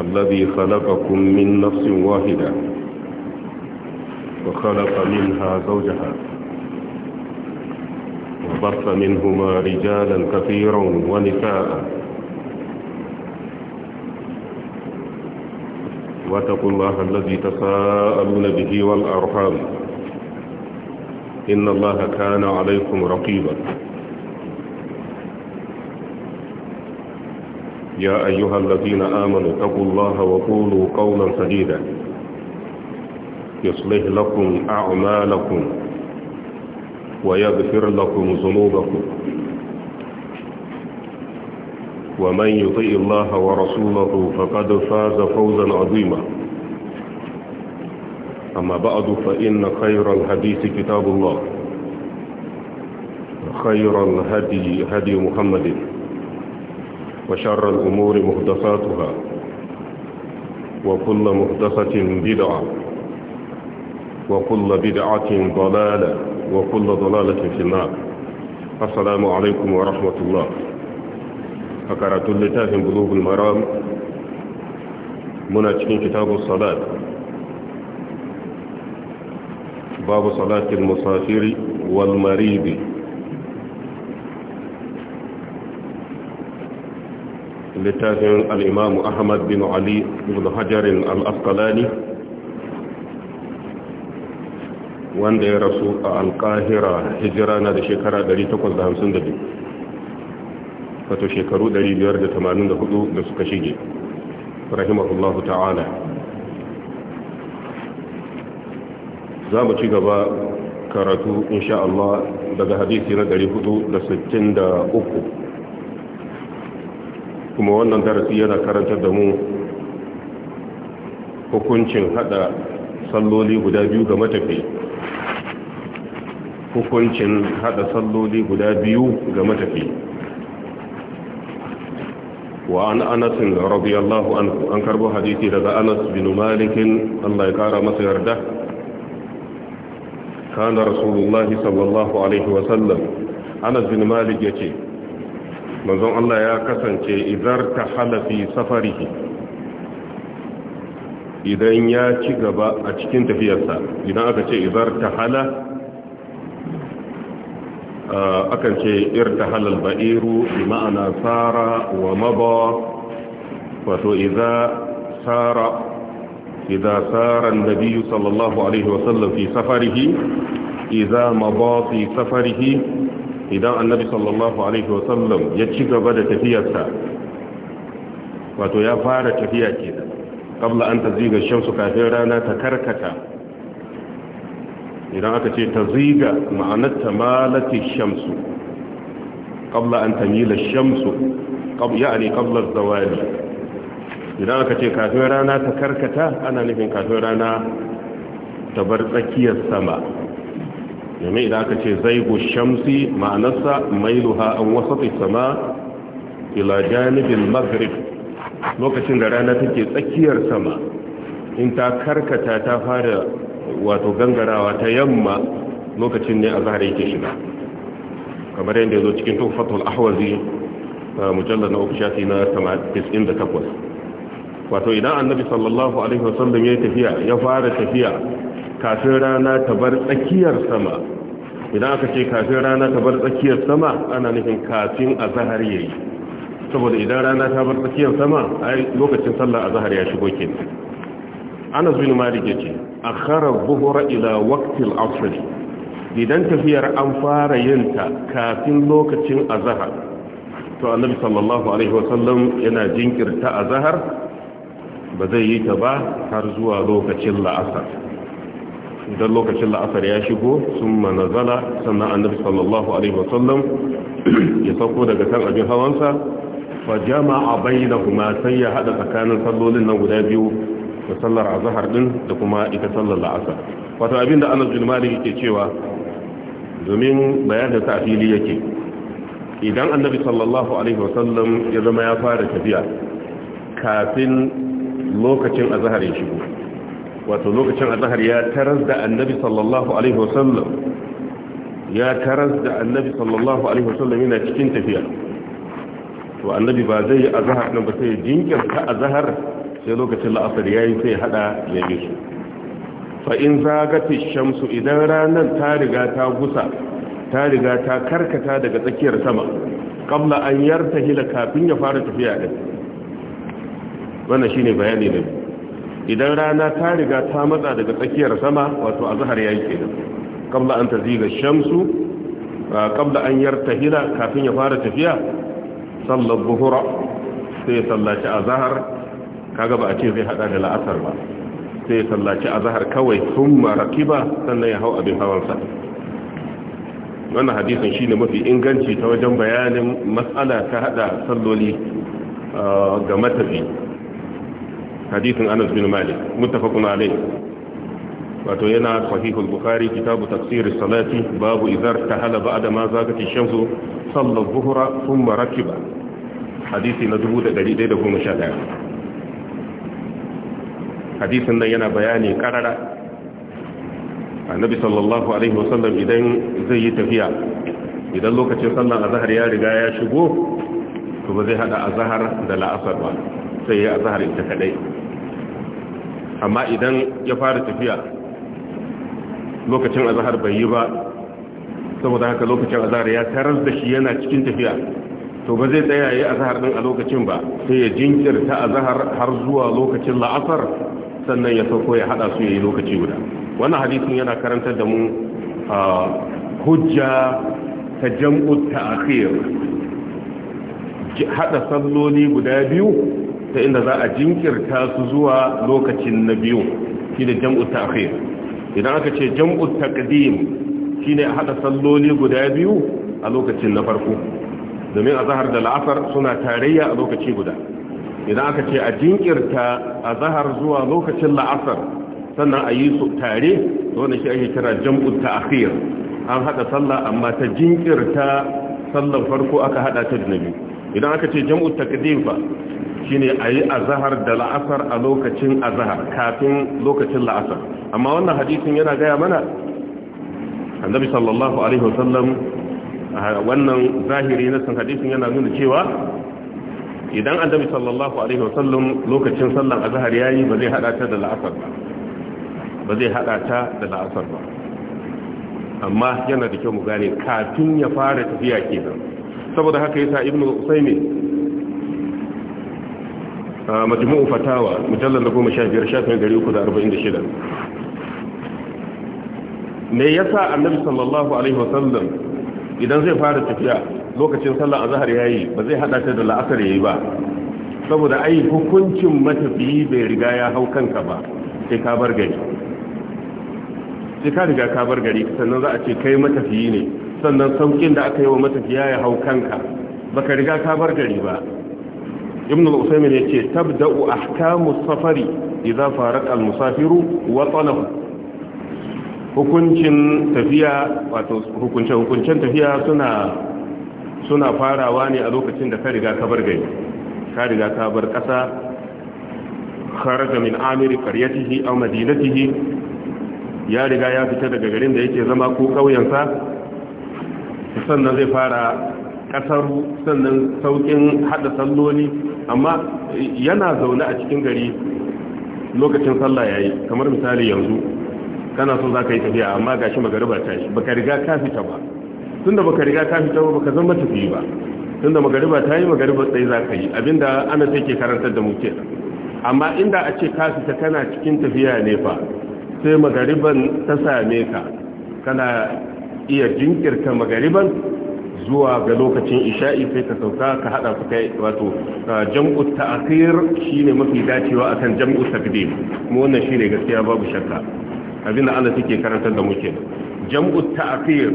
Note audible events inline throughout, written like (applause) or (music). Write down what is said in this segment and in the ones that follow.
الذي خلقكم من نفس واحدة وخلق منها زوجها وبرث منهما رجالا كثيرا ونساء واتقوا الله الذي تساءلون به والأرحام إن الله كان عليكم رقيبا يا أيها الذين آمنوا اتقوا الله وقولوا قولا سديدا يصلح لكم أعمالكم ويغفر لكم ذنوبكم ومن يطئ الله ورسوله فقد فاز فوزا عظيما أما بعد فإن خير الحديث كتاب الله خير الهدي هدي محمد وشر الأمور مهدفاتها وكل مهدفة بدعة وكل بدعة ضلالة وكل ضلالة في النار السلام عليكم ورحمة الله فكرة لتاه بلوغ المرام مناجين كتاب الصلاة باب صلاة المسافر والمريض littafin al'imamu ahmad bin ali ibn hajarin al'askalani wanda ya rasu a alƙahira hijira na da shekara 852 wato shekaru 584 da suka shige rahimahullahu ta'ala za mu ci gaba karatu insha Allah daga hadisi na 463 kuma wannan darasi yana karantar da mu hukuncin hada salloli guda biyu ga matafi hukuncin hada salloli guda biyu ga matafi wa an anasin radiyallahu anhu an karbo hadisi daga anas bin Malikin, Allah ya kara masa yarda kana rasulullahi sallallahu alaihi wa anas bin malik yace manzon Allah ya kasance idar ta halafi safarihi idan ya ci gaba a cikin tafiyarsa idan aka ce idar ta hala akan ce irta halal ba'iru bi ma'ana tsara wa maba wato idza tsara idza tsara annabi sallallahu alaihi wasallam fi safarihi idza maba fi safarihi idan annabi sallallahu alaihi wasallam ya ci gaba da tafiyarsa wato ya fara tafiya ke da kabla an ta ziga shamsu kafin rana ta karkata idan aka ce ta ziga ma'anar ta malati shamsu kabla an ta mila shamsu ya'ani kabla zawali idan aka ce kafin rana ta karkata ana nufin kafin rana ta bar tsakiyar sama domin idan aka ce zai gu shamsi ma'anarsa mailuha an wasati sama ila janibin maghrib lokacin da rana take tsakiyar sama in ta karkata ta fara wato gangarawa ta yamma lokacin ne a zahar yake shiga kamar yadda ya zo cikin tufatul ahwazi mujallar na uku shafi na 98 wato idan annabi sallallahu alaihi wasallam ya yi tafiya ya fara tafiya kafin rana ta bar tsakiyar sama idan aka ce kafin rana ta bar tsakiyar sama ana nufin kafin ya yi. saboda idan rana ta bar tsakiyar sama ai lokacin a azhar ya shigo kenan Anas bin ce a akhara dhuhra ila waqti al idan tafiyar an fara yin ta kafin lokacin zahar, to annabi sallallahu alaihi wasallam yana jinkirta zahar, ba zai yi ta ba har zuwa lokacin la'asar idan lokacin la'asar ya shigo sun manazala sannan annabi sallallahu alaihi wasallam ya sauko daga kan abin hawansa fa jama'a bainahuma sai ya hada tsakanin sallolin nan guda biyu da sallar azhar din da kuma ita sallar la'asar wato abinda Anas bin Malik yake cewa domin bayanin ta fili yake idan annabi sallallahu alaihi wasallam ya zama ya fara tafiya kafin lokacin azhar ya shigo wato lokacin azahar ya taras da annabi sallallahu alaihi wasallam ya taras da annabi sallallahu alaihi wasallam yana cikin tafiya to annabi ba zai yi azahar nan ba sai jinkirta azahar sai lokacin la'asar yayi sai hada ya yi su fa in zagati shamsu idan ranar ta riga ta gusa ta riga ta karkata daga tsakiyar sama qabla an yartahila kafin ya fara tafiya din wannan shine bayani ne idan rana ta riga ta matsa daga tsakiyar sama wato a zahar yayi kenan kabla an taziga shamsu kabla an hila kafin ya fara tafiya sallar buhura sai ya sallaci a zahar kaga ba a ce zai hada da la'asar ba sai ya sallaci a zahar kawai sun marakiba sannan ya hau abin hawansa wannan hadisin shine mafi inganci ta wajen bayanin matsala ta hada salloli ga matafi hadisin anas bin malik muttafaqun alayh wato yana sahihul bukhari kitabu tafsir salati babu idhar tahala ba'da ma zakati shamsu salla dhuhra thumma rakiba hadisi na 1111 hadisin nan yana bayani karara annabi sallallahu alaihi wasallam idan zai yi tafiya idan lokacin sallar azhar ya riga ya shigo to ba zai hada azhar da la'asar ba sai ya azhar ita kadai amma idan ya fara tafiya lokacin azahar bai yi ba saboda haka lokacin azahar ya tarar da shi yana cikin tafiya to ba zai tsaya yi azahar din a lokacin ba sai ya jinkirta azahar har zuwa lokacin la'asar sannan ya sauko ya hada su yayi lokaci guda wannan hadisin yana karantar da mu hujja ta jam'u ta'khir hada salloli guda biyu ta inda za a jinkirta su zuwa lokacin na biyu shi shine jam'u ta'khir idan aka ce shi ne a haɗa salloli guda biyu a lokacin na farko domin azhar da la'asar suna tarayya a lokaci guda idan aka ce a jinkirta azhar zuwa lokacin la'asar sannan a yi su tare wanda shi ake kira jam'u ta'khir an haɗa sallah amma ta jinkirta sallan farko aka haɗa ta da biyu idan aka ce jam'u taqdim fa shine a yi azahar da la'asar a lokacin azahar kafin lokacin la'asar amma wannan hadisin yana gaya mana annabi sallallahu alaihi wasallam wannan zahiri na san hadisin yana nuna cewa idan annabi sallallahu alaihi wasallam lokacin sallan azhar yayi ba zai hada ta da la'asar ba ba zai hada ta da la'asar ba amma yana da kyau mu gane kafin ya fara tafiya kenan saboda haka yasa ibnu usaymin majmu'u fatawa mujallal na goma sha biyar shafin gari uku da arba'in da shida me yasa annabi sallallahu alaihi wasallam idan zai fara tafiya lokacin sallar azhar yayi ba zai hada ta da la'asar yayi ba saboda ai hukuncin matafiyi bai riga ya hau kanka ba sai ka bar gari sai ka riga ka bar gari sannan za a ce kai matafiyi ne sannan saukin da aka yi wa matafiya ya hau kanka baka riga ka bar gari ba ibn al-usaymin yace tabda'u ahkamu safari idza faraqa al-musafiru wa talabu hukuncin tafiya wato hukunce hukuncen tafiya suna suna farawa ne a lokacin da ka riga ka bar gari ka riga ka bar kasa kharaja min amiri qaryatihi aw madinatihi ya riga ya fita daga garin da yake zama ko kauyensa sannan zai fara kasaru sannan saukin hada salloli amma yana zaune a cikin gari lokacin sallah yayi kamar misali yanzu kana so za ka yi tafiya amma gashi magariba ta yi baka riga ka fita ba da baka riga ka fita ba baka zama tafi ba Tun da magariba ta yi magariba sai ka yi abinda ana take karantar da muke. amma inda a ce ka fita kana cikin tafiya ne fa sai magariban ta same ka kana iya jinkirta magariban zuwa ga lokacin isha'i sai ka sauka ka hada su kai wato jam'u ta'khir shine mafi dacewa akan jam'u taqdim kuma wannan shine gaskiya babu shakka abinda Allah take karantar da mu ke jam'u ta'khir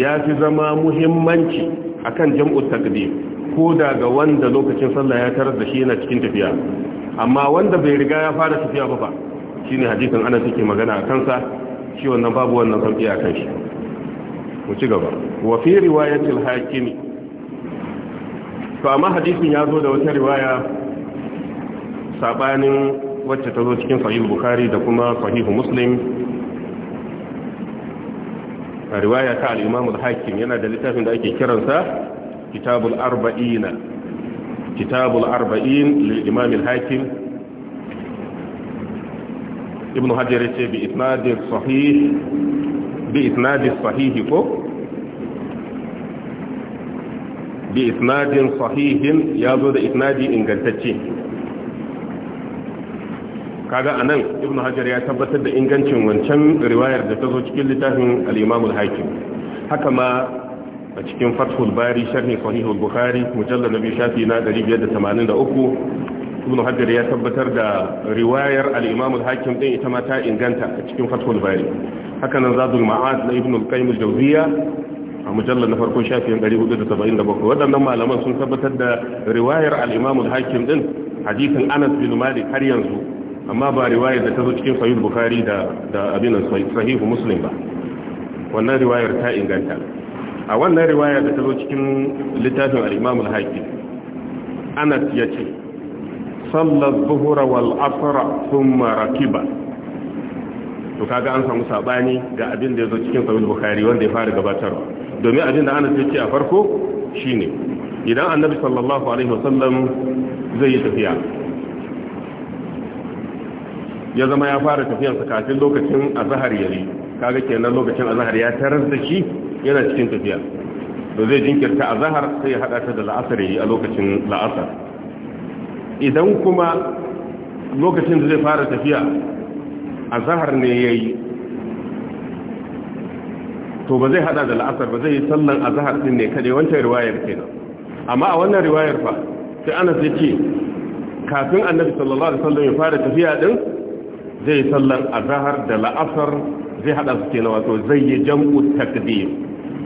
ya fi zama muhimmanci akan jam'u taqdim ko da ga wanda lokacin sallah ya tarar da shi yana cikin tafiya amma wanda bai riga ya fara tafiya ba ba shine hadisin Allah yake magana a kansa shi wannan babu wannan kan a kan shi mu ci gaba wa fi riwayatil to amma hadisin ya zo da wata riwaya sabanin wacce ta zo cikin sahih bukhari da kuma sahih muslim a riwaya ta al-imam al-hakim yana da littafin da ake kiransa kitabul arba'ina kitabul arba'in lil imam al-hakim ibn hajar yace bi isnadin sahih bi isnadin sahihi ko bi isnadin sahihin ya zo da isnadi ingantacce kaga anan ibn hajar ya tabbatar da ingancin wancan riwayar da ta zo cikin littafin al-imam al haka ma a cikin fathul bari sharhi sahih al-bukhari mujallad nabi shafi na 583 ibn hajar ya tabbatar da riwayar al-imam al-hakim din ita ma ta inganta cikin fathul bari haka nan zadul ma'ad na ibn al-qayyim al-jawziya a mujallar na farko shafin 477 Wadannan malaman sun tabbatar da riwayar al-imam al-hakim din hadisin Anas bin Malik har yanzu amma ba riwayar da ta zo cikin sahih bukhari da da abin sahih muslim ba wannan riwayar ta inganta a wannan riwayar da ta zo cikin littafin al-imam al-hakim Anas ya ce صلى الظهر والعصر ثم ركب to kaga an samu sabani ga abin da yazo cikin sahih bukhari wanda ya fara gabatarwa domin abin da Anas yake a farko shine idan annabi sallallahu alaihi wasallam zai yi tafiya ya zama ya fara tafiyarsa kafin lokacin azhar yayi kaga kenan lokacin azhar ya tarar da shi yana cikin tafiya to zai jinkirta azhar sai ya hada ta da la'asar yayi a lokacin la'asar idan kuma lokacin da zai fara tafiya a zahar ne ya yi to ba zai hada da la'asar ba zai yi sallan a zahar din ne kaɗai wancan riwayar kenan amma a wannan riwayar fa sai ana sai ce kafin annabi sallallahu alaihi wasallam ya fara tafiya din zai yi sallan a zahar da la'asar zai hada su kenan wato zai yi jam'u takdim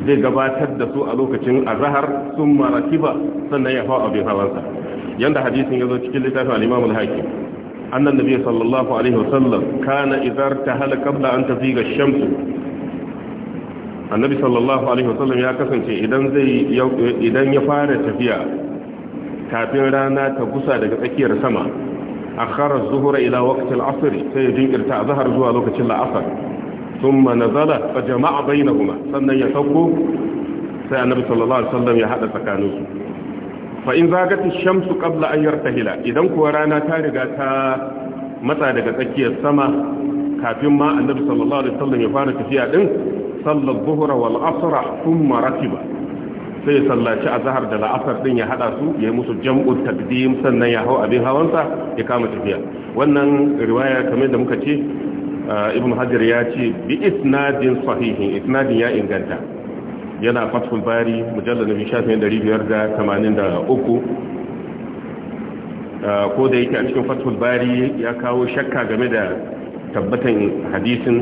zai gabatar da su a lokacin azahar sun marakiba sannan ya hau abin hawansa yanda hadisin zo cikin littafin al-Imam al-Hakim annan nabi sallallahu alaihi wasallam kana idhar tahala qabla an tafi ga shams annabi sallallahu alaihi wasallam ya kasance idan ya fara tafiya kafin rana ta gusa daga tsakiyar sama a az zuhura ila waqt al sai ya jinkirta a zahar zuwa lokacin la'asar sun ثم نزل فجمع بينهما sannan ya sauko sai annabi sallallahu alaihi wasallam ya hada tsakaninsu fa in shamsu qabla an hila, idan kuwa rana ta riga ta matsa daga tsakiyar sama kafin ma annabi sallallahu alaihi wasallam ya fara tafiya din sallar zuhra wal asra thumma rakiba sai sallaci zahar da la'asar din ya hada su ya musu jam'u taqdim sannan ya hau abin hawansa ya kama tafiya wannan riwaya kamar da muka ce ah, ibn hajar ya ce bi isnadin sahihin isnadin ya inganta yana fatful bari mujallar na bishafin 583 uh, ko da yake a cikin fatful bari ya kawo shakka game da tabbatan hadisin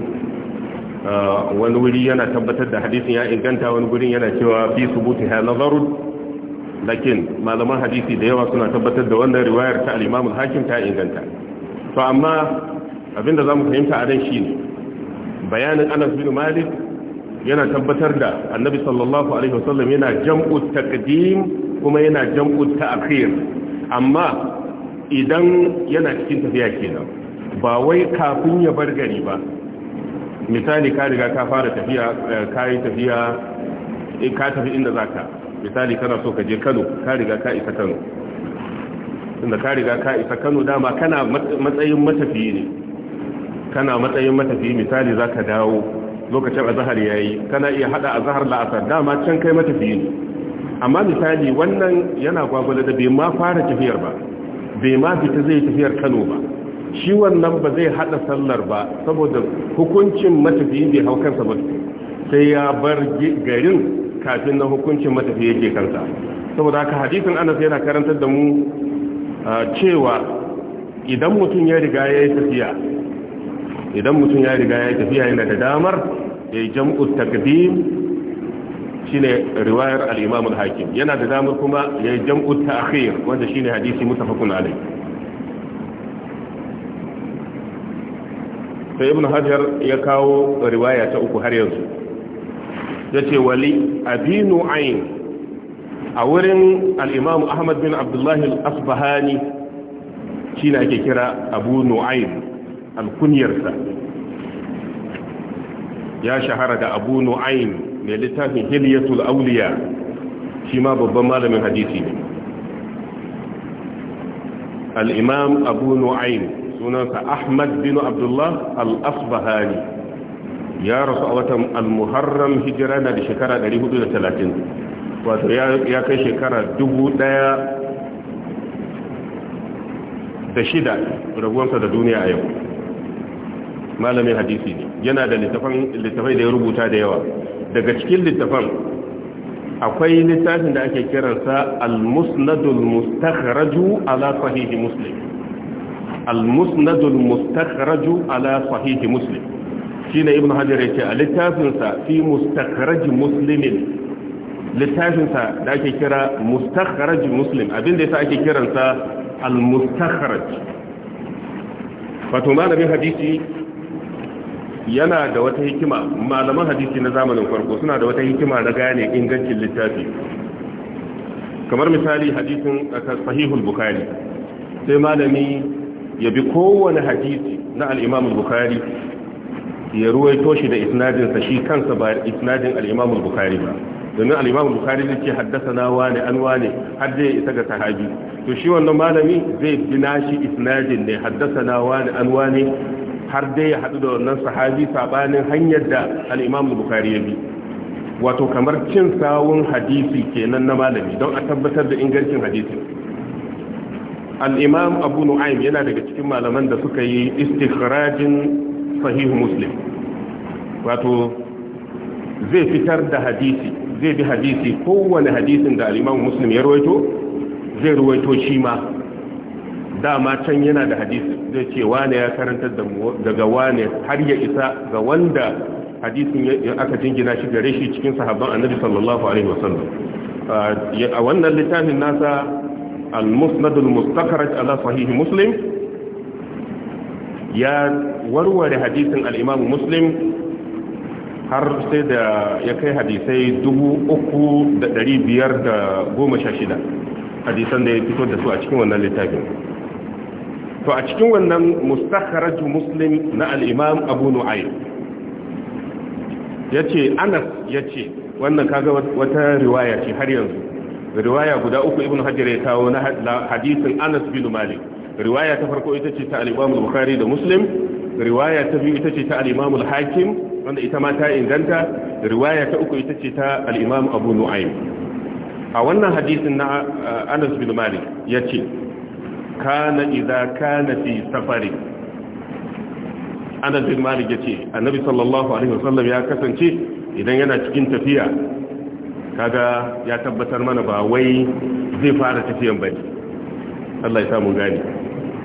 uh, wani wuri yana tabbatar da hadisin ya inganta wani wurin yana cewa fi subuti ha nazarun lakin malaman hadisi da yawa suna tabbatar da wannan riwayar ta al hakim ta inganta to amma abinda za mu fahimta a dan shine bayanin Anas bin Malik yana tabbatar da annabi sallallahu alaihi wasallam yana jam'u taqdim kuma yana jam'u ta'khir amma idan yana cikin tafiya kenan ba wai kafin ya bar gari ba misali ka riga ka fara tafiya eh, kai tafiya eh, ka tafi inda zaka misali kana so ka je Kano ka riga ka isa Kano inda ka riga ka isa Kano dama kana matsayin matafiyi ne kana matsayin matafiyi misali zaka dawo lokacin azahar azhar yayi kana iya hada azahar la'asar dama can kai matafiyi ne amma misali wannan yana gwagwale da bai ma fara tafiyar ba bai ma fita zai tafiyar Kano ba shi wannan ba zai hada sallar ba saboda hukuncin matafiyi bai hau kansa ba sai ya bar garin kafin na hukuncin matafi yake kansa saboda haka hadisin anas yana karantar da mu ah, cewa idan mutum ya riga ya yi tafiya idan mutum ya riga ya tafiya yana da damar ya yi jam'u takdim ne riwayar al hakim yana da damar kuma ya yi ta ta'khir wanda ne hadisi mutafakun alai ta ibn hajar ya kawo riwaya ta uku har yanzu yace wali abinu ayn a wurin al ahmad bin abdullahi al-asbahani shine ake kira abu nu'aym alkunyarsa ya shahara da abu nu'ayn mai littafin hilyatul auliya shi ma babban malamin hadisi ne al'imam abu nu'ayn sunansa ahmad bin abdullah al-asbahani ya rasu a watan al-muharram hijira na da shekara 430 wato ya kai shekara 1000 da shida raguwansa da duniya a yau malamin hadisi ne yana da littafai da ya rubuta da yawa daga cikin littafan akwai littafin da ake kiransa al-musnadul mustakhraju ala sahihi muslim al-musnadul mustakhraju ala sahihi muslim shine ibnu hajar yake a littafin sa fi mustakhraj muslimin littafin sa da ake kira mustakhraj muslim abinda yasa ake kiransa al-mustakhraj wato malamin hadisi yana da wata hikima malaman hadisi na zamanin farko suna da wata hikima na gane ingancin littafi kamar misali hadisin sahihul bukari sai malami ya bi kowane hadisi na al bukari ya ruwaito shi da isnadin sa shi kansa ba isnadin al bukari ba domin al bukari ne ke haddasa wane an wane har zai isa ga sahabi to shi wannan malami zai bi shi isnadin ne haddasa na wane an wani har dai ya haɗu da wannan sahabi sabanin hanyar da al'imam bukari ya bi wato kamar cin sawun hadisi kenan na malami don a tabbatar da ingancin hadisi al'imam abu nu'aim yana daga cikin malaman da suka yi istikharajin sahihu muslim wato zai fitar da hadisi zai bi hadisi kowane hadisin da al'imam muslim ya ruwaito zai ruwaito shi ma dama can yana da hadisi zai ce wane ya karantar daga wane har ya isa ga wanda hadisin aka jingina shi gare shi cikin sahabban annabi sallallahu alaihi wasallam a wannan littafin nasa al-musnad al ala sahih muslim ya warware hadisin al-imam muslim har sai da ya kai hadisai 3516 hadisan da ya fito da su a cikin wannan littafin to a cikin wannan mustakharaju muslim na al-imam abu nu'aym yace anas yace wannan kaga wata riwaya ce har yanzu riwaya guda uku ibn hajar ya kawo na hadisin anas bin malik riwaya ta farko ita ce ta al-imam bukhari da muslim riwaya ta biyu ita ce ta al-imam al-hakim wanda ita ma ta inganta riwaya ta uku ita ce ta al-imam abu nu'aym a wannan hadisin na anas bin malik yace kana idza kana fi safari anas bin malik yace annabi sallallahu alaihi wasallam ya kasance idan yana cikin tafiya kaga ya tabbatar mana ba wai zai fara tafiyan bane Allah ya samu gani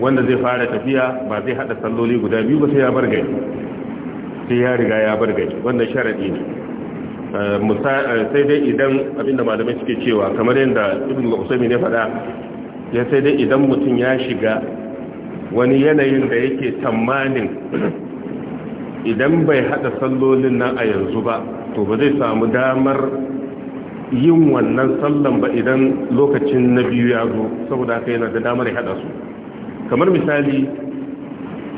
wanda zai fara tafiya ba zai hada salloli guda biyu ba sai ya bar gari sai ya riga ya bar gari wannan sharadi ne eh, eh, sai dai idan abinda malamai suke cewa kamar yadda ibn al-usaymi ne faɗa ya sai dai idan mutum ya shiga wani yanayin da yake tsammanin idan bai hada sallolin nan a yanzu ba to ba zai samu damar yin wannan sallan ba idan lokacin na biyu ya zo saboda haka yana da damar ya hada su kamar misali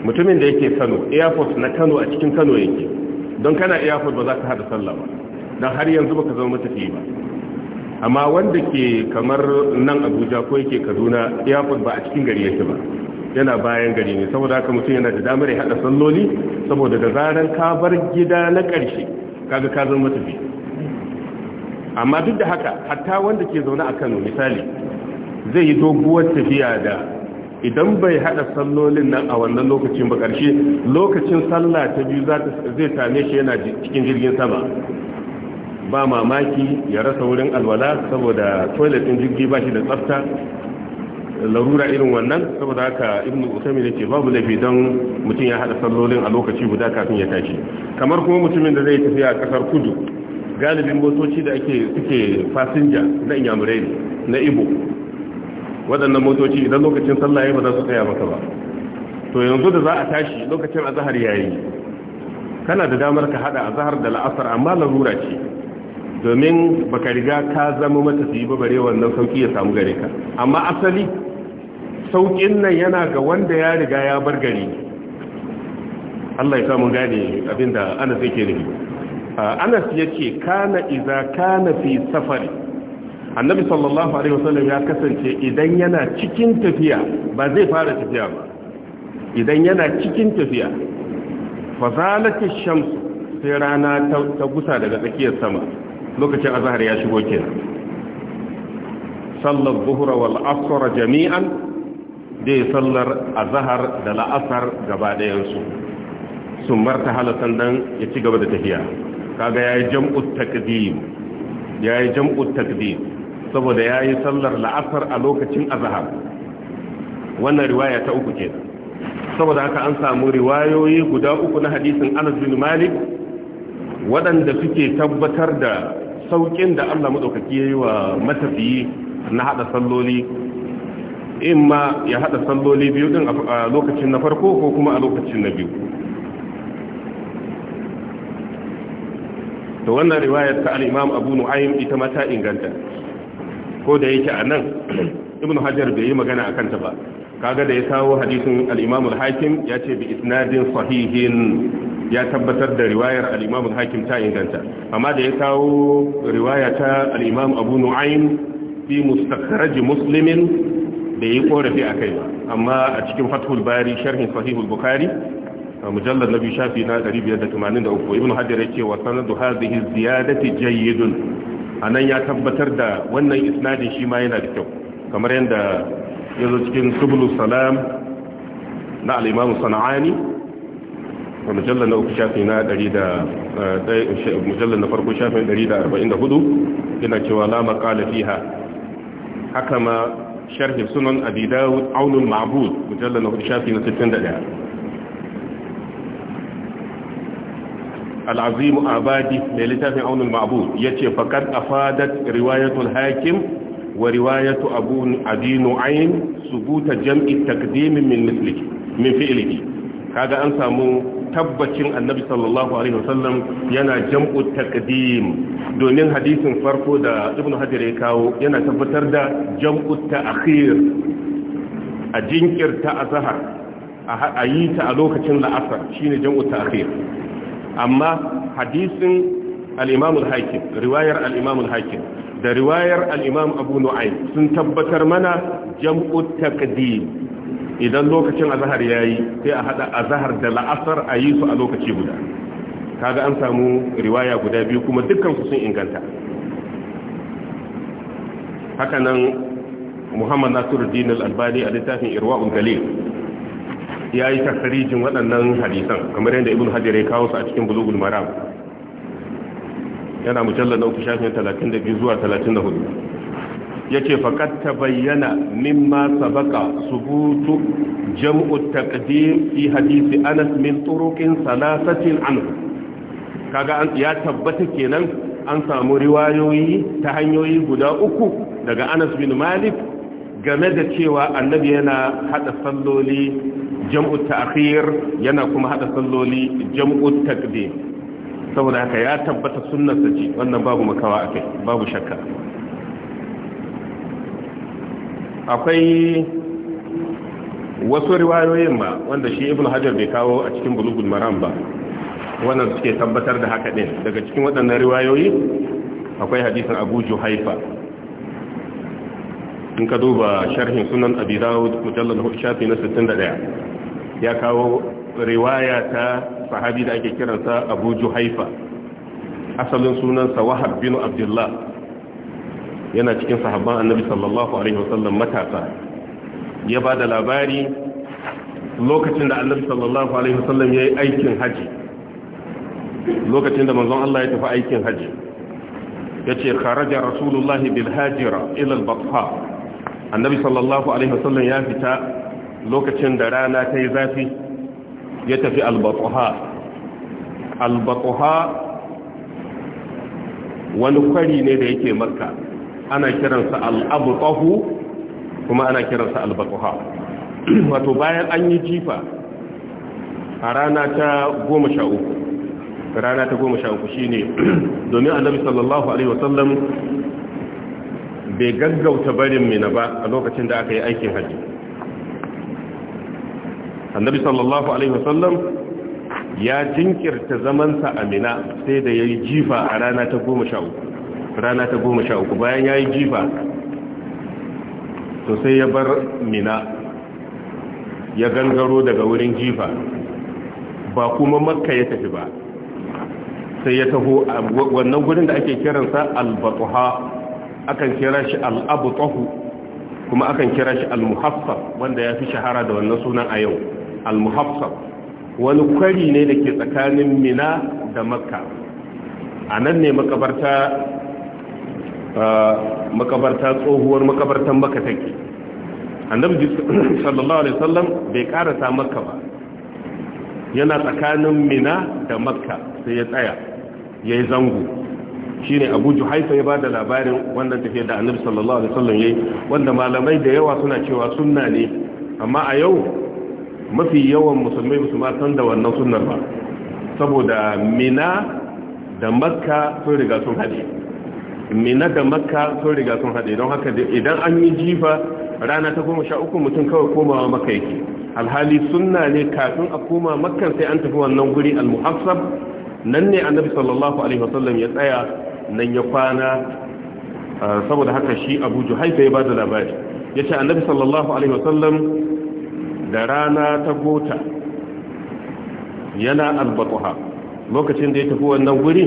mutumin da yake kano airport na kano a cikin kano yake don kana airport ba za ka hada sallah ba don har yanzu ba ka zama matafi ba amma wanda ke kamar nan abuja ko yake kaduna airport ba a cikin gari yake ba yana bayan gari ne saboda haka mutum yana da damar ya hada salloli saboda da zaran ka bar gida na karshe kaga ka zama tafi amma duk da haka hatta wanda ke zaune a Kano misali zai yi doguwar tafiya da idan bai hada sallolin nan a wannan lokacin ba karshe lokacin sallah ta biyu zai same shi yana cikin jirgin sama ba mamaki ya rasa wurin alwala saboda toilet din jirgi ba shi da tsafta larura irin wannan saboda haka ibnu ne ce babu laifi don mutum ya hada sallolin a lokaci guda kafin ya tashi kamar kuma mutumin da zai tafi a kasar kudu galibin motoci da ake suke fasinja na inyamurai na ibo waɗannan motoci idan lokacin sallah ya ba za su tsaya maka ba to yanzu da za a tashi lokacin azahar yayi kana da damar ka hada azahar da la'asar amma larura ce domin baka riga ka zama matafiyi ba bare wannan sauki ya samu gare ka amma asali saukin nan yana ga wanda ya riga ya bar gari Allah ya samu gane abinda Anas yake nufi Anas yake kana iza kana fi safari Annabi sallallahu alaihi wasallam ya kasance idan yana cikin tafiya ba zai fara tafiya ba idan yana cikin tafiya fa zalatish shams sai rana ta gusa daga tsakiyar sama lokacin azahar ya shigo kenan sallar zuhra wal asr jami'an dai sallar azahar da la'asar gaba ɗayan sun marta halatan ya ci gaba da tafiya kaga yayi jam'u takdim yayi jam'u takdim saboda yi sallar la'asar a lokacin azahar. wannan riwaya ta uku kenan saboda haka an samu riwayoyi guda uku na hadisin Anas bin Malik waɗanda suke tabbatar da saukin da Allah ya yi wa matafiyi na hada salloli imma ya hada salloli biyu din a lokacin na farko ko kuma a lokacin na biyu to wannan riwayar ta al-Imam Abu Nu'aym ita ma inganta ko da yake nan (clears throat) Ibn Hajar bai yi magana akan ta ba kaga da ya kawo hadisin al-Imam al-Hakim yace bi isnadin sahihin ya tabbatar da riwayar al hakim ta inganta amma da ya kawo riwaya ta imam abu nu'aym fi mustakaraji muslimin da yi korafi a kai amma a cikin fathul bari sharhin sahihul a mujallar nabi shafi na 583 ibn hajar yake wa sanadu hadhihi ziyadati jayyidun anan ya tabbatar da wannan isnadin shi ma yana da kyau kamar yanda yazo cikin subul salam na al-imam sana'ani a mujallar na uku shafi na ɗari da mujallar na farko shafin ɗari da arba'in da hudu yana cewa la maƙala fiha haka ma sharhi sunan abi dawud aunul ma'bud mujallar na hudu shafi na sittin da ɗaya al'azim abadi mai littafin aunul ma'bud ya ce fakat afadat riwayatul hakim wa riwayatu abu abi nu'aym subuta jam'i taqdim min mislihi min fi'lihi kaga an samu tabbacin annabi sallallahu alaihi wasallam yana jam'u taqdim domin hadisin farko da ibnu hajar ya kawo yana tabbatar da jam'u ta'khir a jinkirta azhar a yi ta a lokacin la'asar shine jam'u ta'khir amma hadisin al-imam al-hakim riwayar al-imam al-hakim da riwayar al-imam abu nu'aym sun tabbatar mana jam'u taqdim idan lokacin azahar ya yi sai a haɗa azahar da la'asar a yi su a lokaci guda kaga an samu riwaya guda biyu kuma dukkansu sun inganta hakanan muhammad nasiruddin al-albani a littafin Irwa, galil ya yi tasirijin waɗannan hadisan kamar yadda ibn hajar ya kawo su a cikin bulugul maram yana mujallar na uku shafin 32 zuwa 34 yace faqad bayyana mimma sabaqa subutu jam'u taqdim fi hadisi Anas min turuqin salasatin anhu kaga ya tabbata kenan an samu riwayoyi ta hanyoyi guda uku daga Anas bin Malik game da cewa annabi yana hada salloli jam'u ta'khir yana kuma hada salloli jam'u taqdim saboda haka ya tabbata sunnarsa ce wannan babu makawa akai babu shakka akwai wasu riwayoyin ba wanda shi ibn hajar bai kawo a cikin bulugul maram ba wannan suke tabbatar da haka ɗin daga cikin waɗannan riwayoyi akwai hadisin abu juhaifa in ka duba sharhin sunan abi dawud mujallal shafi na 61 ya kawo riwaya ta sahabi da ake kiransa abu juhaifa asalin sunansa wahab bin abdullah yana cikin sahabban annabi sallallahu alaihi wasallam matasa ya ba da labari lokacin da annabi sallallahu alaihi wasallam ya yi aikin haji lokacin da manzon Allah ya tafi aikin haji ya ce kharaja rasulullahi bil hajira ila al batha annabi sallallahu alaihi wasallam ya fita lokacin da rana ta yi zafi ya tafi al batha al batha wani kwari ne da yake makka ana kiransa al'abutahu kuma ana kiransa albakuha (clears throat) wato bayan an yi jifa a rana ta goma sha uku rana ta goma sha uku shi ne (clears throat) domin annabi sallallahu alaihi wasallam bai gaggauta barin mina ba a lokacin da aka yi aikin hajji annabi sallallahu alaihi wasallam ya jinkirta zamansa a mina sai da ya yi jifa a rana ta goma sha uku rana ta goma sha uku bayan ya yi jifa to sai ya bar mina ya gangaro daga wurin jifa ba kuma makka ya tafi ba sai ya taho a wannan gudun da ake kiransa albatuha akan kira shi al'abutahu kuma akan kira shi al wanda ya fi shahara da wannan sunan a yau al wani kwari ne da ke tsakanin mina da makka a nan ne makabarta makabarta tsohuwar makabartan maka take annabi sallallahu alaihi wasallam bai karasa makka ba yana tsakanin mina da makka sai ya tsaya yayi zango shine Abu Juhaifa ya bada labarin wannan tafiyar da annabi sallallahu alaihi wasallam yayi wanda malamai da yawa suna cewa sunna ne amma a yau mafi yawan musulmai musulma san da wannan sunnar ba saboda mina da makka sun riga sun haɗe mina da makka sun riga sun haɗe don haka idan an yi jifa rana ta goma sha uku mutum kawai komawa maka yake alhali sunna ne kafin a koma makkan sai an tafi wannan guri almuhassab nan ne annabi sallallahu alaihi wasallam ya tsaya nan ya kwana ah, saboda haka shi abu juhaifa ya bada labari ya ce annabi sallallahu alaihi wasallam da rana ta gota yana albatuha lokacin da ya tafi wannan guri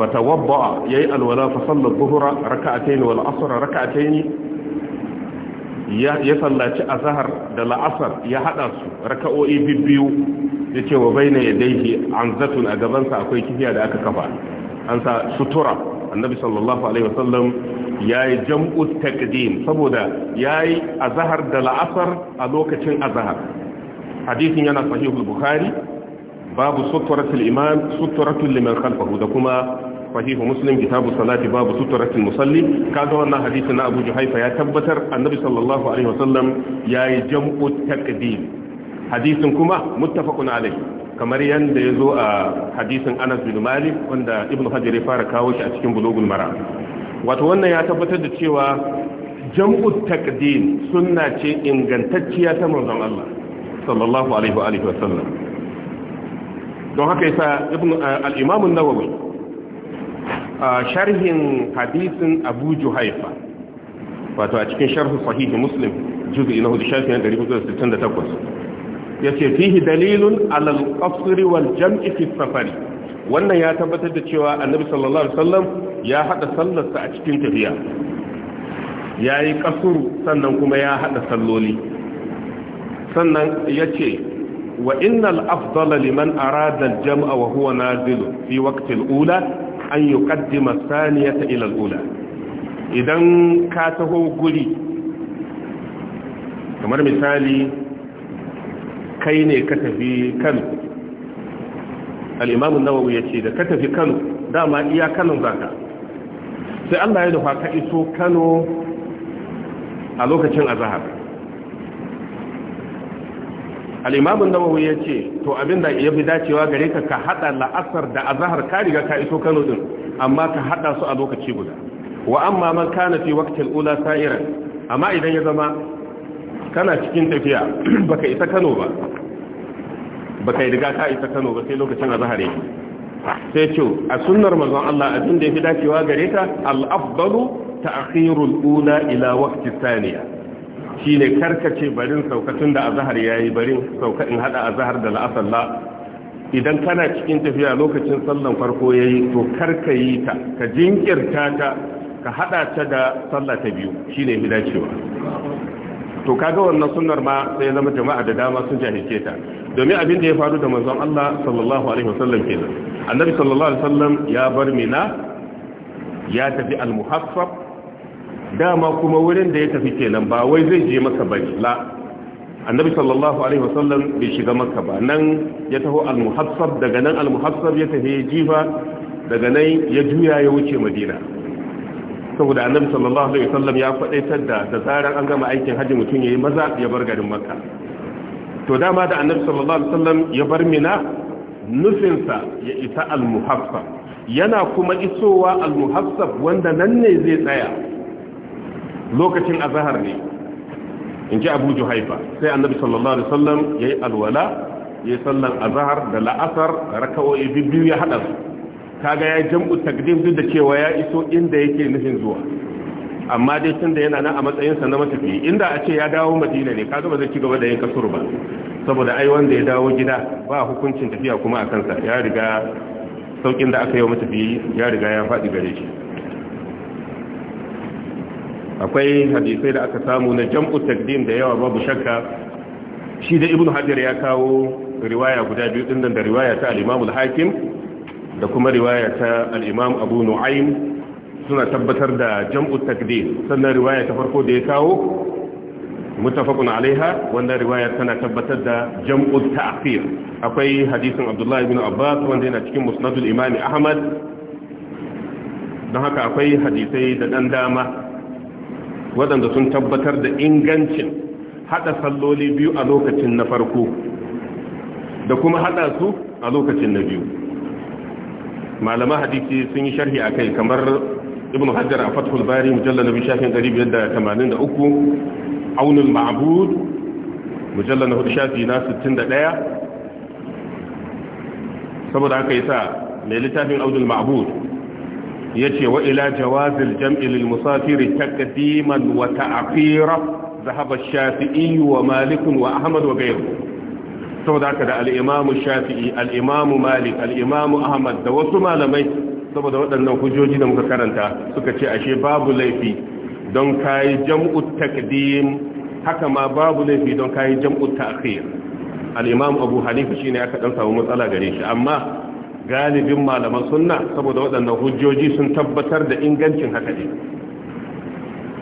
فتوضأ يي الولا فصلى الظهر ركعتين والعصر ركعتين ya sallaci azhar da la'asar ya hada su raka'o'i bibbiyu ya ce wa baina yadayhi anzatun a gabansa akwai kifiya da aka kafa an sa sutura annabi sallallahu alaihi wasallam yayi jam'u taqdim saboda yayi azhar da la'asar a lokacin azhar hadisin yana sahihul bukhari babu suturatul imam liman khalfahu da kuma sahihu muslim kitabu salati babu suturatul musalli kaga wannan hadisi na Abu Juhaifa ya tabbatar annabi sallallahu alaihi wasallam yayi jam'u taqdim hadisin kuma muttafaqun alaihi kamar yanda yazo a hadisin Anas bin Malik wanda Ibn Hajar ya fara kawo shi a cikin bulugul mara wato wannan ya tabbatar da cewa jam'u taqdim sunna ce ingantacciya ta manzon Allah sallallahu alaihi wa alihi wasallam don haka yasa ibn eh, al-imam an-nawawi sharhin hadisin abu juhaifa wato a cikin sharh sahih muslim juz'i na 1468 yace fihi dalilun ala al-qasr wal jam'i fi safari wannan ya tabbatar da cewa annabi sallallahu alaihi wasallam ya hada sallarsa a cikin tafiya yayi kasuru sannan kuma ya hada salloli sannan yace wa innal afdala liman arada al-jam'a wa huwa nazil ula an yuqaddima ath-thaniyata ila al-ula idan ka taho guri kamar misali kai ne ka tafi Kano al-Imam an-Nawawi yace da ka tafi Kano dama iya Kano zaka sai Allah ya dafa iso Kano a lokacin azhar al'imamun nawawi ya ce to abinda ya fi dacewa gare ka ka haɗa la'asar da azahar ka riga ka iso kano ɗin amma ka haɗa su a lokaci guda wa amma man kana fi waktin ula sa'iran amma idan ya zama kana cikin tafiya (clears throat) ka isa kano ba baka riga ka isa kano ba sai lokacin azahar yake sai ce a sunnar manzon Allah abinda ya fi dacewa gare ka al ta ta'khirul ula ila waqti saniya. shine karkace barin sauka tun da azhar yayi barin sauka in hada azhar da la'asar la idan kana cikin tafiya lokacin sallan farko yayi to karka yi ta ka jinkirta ta ka hada ta da sallah ta biyu shine mi dacewa to kaga wannan sunnar ma sai zama jama'a da dama sun jahilce ta domin abin da ya faru da manzon Allah sallallahu alaihi wasallam kenan annabi sallallahu alaihi wasallam ya bar mina ya tafi al-muhaffaf dama kuma wurin da ya tafi kenan ba wai zai je maka bane la annabi sallallahu alaihi wasallam bai shiga maka ba nan ya taho al-muhassab daga nan al-muhassab ya tafi jifa daga nan ya juya ya wuce madina saboda annabi sallallahu alaihi wasallam ya faɗaitar da da zaran an gama aikin haji mutum yayi maza ya bar garin makka to dama da annabi sallallahu alaihi wasallam ya bar mina nufinsa ya isa al-muhassab yana kuma isowa al-muhassab wanda nan ne zai tsaya lokacin azahar ne in ji abu juhaifa sai annabi sallallahu alaihi wasallam ya alwala ya sallan azahar da la'asar raka'o'i biyu ya haɗa su kaga ya jam'u takdim duk da cewa ya iso inda yake nufin zuwa amma dai tun da yana nan a matsayinsa na matafi inda a ce ya dawo madina ne kaga ba zai ci gaba da yin kasur ba saboda ai wanda ya dawo gida ba hukuncin tafiya kuma a kansa ya riga saukin da aka yi wa matafi ya riga ya faɗi gare shi akwai hadisai da aka samu na jam’u takdim da yawa babu shakka shi da ibn hajjar ya kawo riwaya guda biyu ɗin da riwaya ta al’imamu al’aƙim da kuma riwaya ta al’imam abu nu'aim suna tabbatar da jam’u takdim sannan riwaya ta farko da ya kawo mutafakun alaiha wanda riwaya tana tabbatar da jam’u ta'afir akwai hadisun abdullahi ibn abbas wanda yana cikin musnadul imam ahmad don haka akwai hadisai da ɗan dama waɗanda sun tabbatar da ingancin haɗa salloli biyu a lokacin na farko da kuma haɗa su a lokacin na biyu malama hadisi sun yi sharhi a kai kamar ibn hajjar a fathul bari mujallar na bishafin 583 aunin ma'abud mujallar na hudu shafi na 61 saboda haka yi sa mai littafin aunin ma'abud ce wa ila jawazil jam'i musafiri taqdiman wa ta'khira dhahaba ash-shafi'i wa malikun wa ahmad wa ghayruhum saboda haka da al'imamu shafi'i al'imamu malik al'imamu ahmad da wasu malamai saboda waɗannan hujjoji da muka karanta suka ce ashe babu laifi don kayi ta takdim haka ma babu laifi don kayi jam'u ta'khir al-imam abu hanifa ne aka ɗan samu matsala gare shi amma galibin malaman sunna saboda waɗannan hujjoji sun tabbatar da ingancin haka ne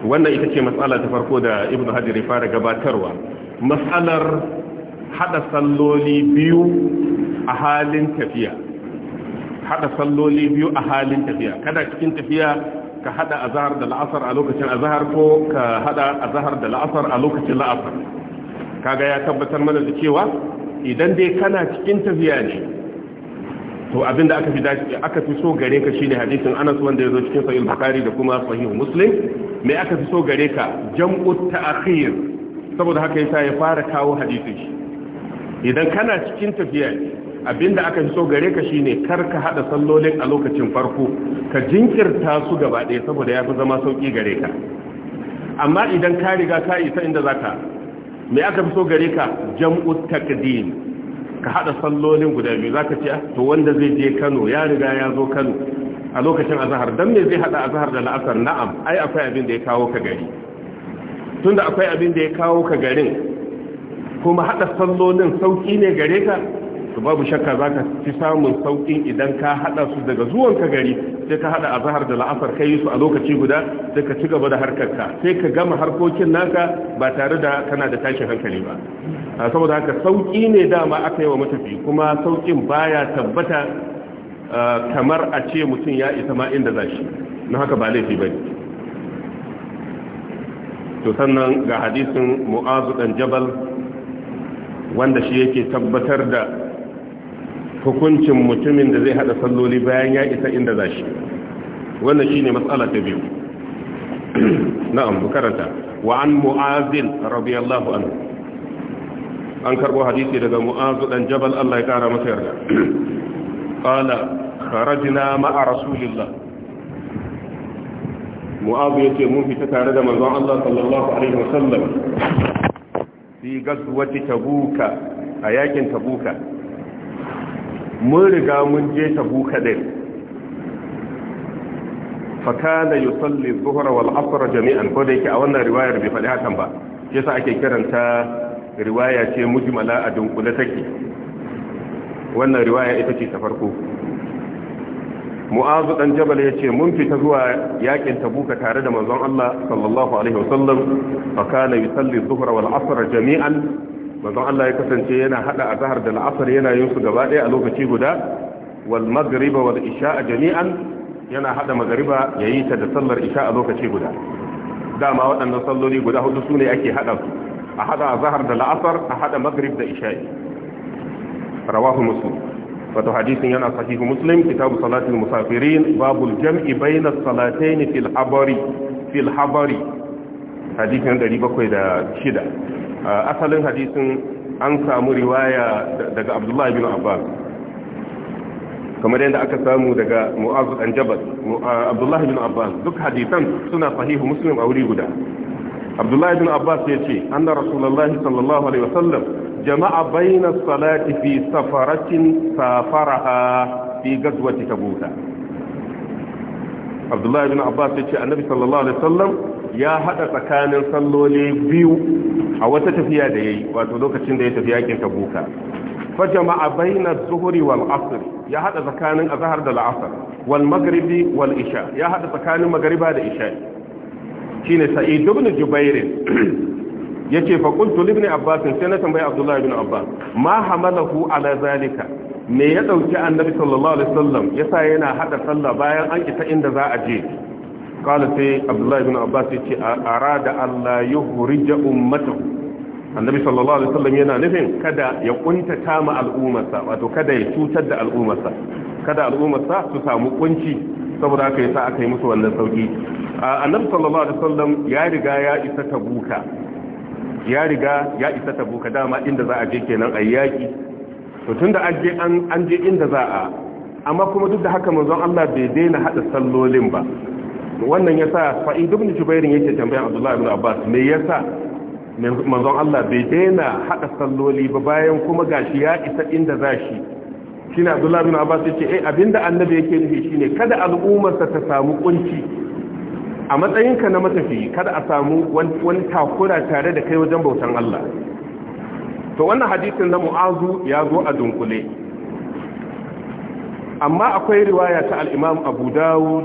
wannan ita ce matsala ta farko da ibn hajar ya fara gabatarwa matsalar hada salloli biyu a halin tafiya hada salloli biyu a halin tafiya kada cikin tafiya ka hada azhar da la'asar a lokacin azhar ko ka hada azhar da la'asar a lokacin la'asar kaga ya tabbatar mana da cewa idan dai kana cikin tafiya ne to abinda aka fi dace aka fi so gare ka shine hadisin Anas wanda yazo cikin sahih Bukhari da kuma sahih Muslim me aka fi so gare ka jam'u ta'khir saboda haka yasa ya fara kawo hadisin shi idan kana cikin tafiya abinda aka fi so gare ka shine kar ka hada sallolin a lokacin farko ka jinkirta su gaba ɗaya saboda ya fi zama sauki gare ka amma idan ka riga ka isa inda zaka me aka fi so gare ka jam'u taqdim ka hada sallolin guda biyu zaka ce ah, to wanda zai je Kano ya riga ya zo Kano a lokacin azhar dan me zai hada azhar da la'asar na'am ai akwai abin da ya kawo ka gari tunda akwai abin da ya kawo ka garin kuma hada sallolin sauki ne gare ka to babu shakka zaka fi samun sauki idan ka hada su daga zuwan ka gari sai ka hada azhar da la'asar kai su a lokaci guda sai ka ci gaba da harkar ka sai ka gama harkokin naka ba tare da kana da tashin hankali ba saboda haka sauƙi ne dama aka yi wa matafi kuma sauƙin baya tabbata kamar a ce mutum ya isa ma inda za shi na haka ba laifi ba ne to sannan ga hadisin mu'azu dan jabal wanda shi yake tabbatar da hukuncin mutumin da zai hada salloli bayan ya isa inda za shi wannan shi ne matsala ta biyu (clears throat) na'am bukaranta wa an mu'azin yallahu anhu an karbo hadisi daga mu'azu dan jabal Allah ya kara masa yarda (clears throat) qala kharajna ma'a rasulillah mu'azu yace mun fita tare da manzon Allah sallallahu alaihi wasallam fi gaswati tabuka a yakin tabuka mun riga mun je tabuka din fa kana yusalli dhuhra wal asr jami'an ko da yake a wannan riwayar bai faɗi hakan ba yasa ake kiranta riwaya ce mujmala a dunkule take wannan riwaya ita ce ta farko mu'azu dan jabal ya ce mun fita zuwa yakin tabuka tare da manzon Allah sallallahu alaihi wasallam fa kana yusalli dhuhra wal asr jami'an manzon Allah ya kasance yana hada azhar da al'asr yana yin su gaba daya a lokaci guda wal maghriba wal isha jami'an yana hada maghriba yayi ta da sallar isha a lokaci guda dama waɗannan salloli guda hudu sune ake hada su a hada zahar da la'asar a hada maghrib da isha'i rawahu muslim wato hadisin yana sahihu muslim kitabu salatin musafirin babul jam'i bayna salatayn fil habari fil habari hadisin 706 asalin hadisin an samu riwaya daga abdullahi bin abbas kamar yadda aka samu daga mu'azu dan jabal abdullahi bin abbas duk hadisan suna sahihu muslim a wuri guda abdullahi bin abbas ya ce da rasulullahi sallallahu alaihi wasallam jama'a baina salati fi safaratin safaraha fi gazwati tabuta abdullahi bin abbas ya ce annabi sallallahu alaihi wasallam ya hada tsakanin salloli biyu a wata tafiya da yayi wato lokacin da ya tafi yakin tabuka fa jama'a baina zuhri wal asr ya hada tsakanin azhar da al wal maghribi wal isha ya hada tsakanin magriba da isha shine sa'id ibn jubair (clears throat) yace fa qultu li ibn abbas sai na tambayi abdullahi ibn abbas ma hamalahu ala zalika me ya ɗauki annabi sallallahu alaihi wasallam sa yana haɗa sallah bayan an ita inda za a je qala sai abdullahi ibn abbas yace Allah alla yuhrija ummata annabi sallallahu alaihi wasallam yana nufin kada ya kuntata ma al'ummarsa wato kada ya cutar da al'ummarsa kada al'ummarsa su samu kunci saboda aka yi aka yi musu wannan sauki annabi sallallahu alaihi wasallam ya riga ya isa tabuka ya riga ya isa tabuka dama inda za a je kenan ayyaki. to tunda an je an je inda za a amma kuma duk da haka manzon Allah bai daina hada sallolin ba wannan yasa fa'id ibn jubair yake tambayan abdullahi ibn Abbas me yasa manzon Allah bai daina hada salloli ba bayan kuma gashi ya isa inda za shi shine abdullahi ibn Abbas yace eh abinda annabi yake nufi shine kada al'ummar ta samu kunci a matsayinka na matafi kada a samu wani takura tare da kai wajen bautan Allah to wannan hadisin na mu'azu ya zo a dunkule amma akwai riwaya ta al'imam abu dawud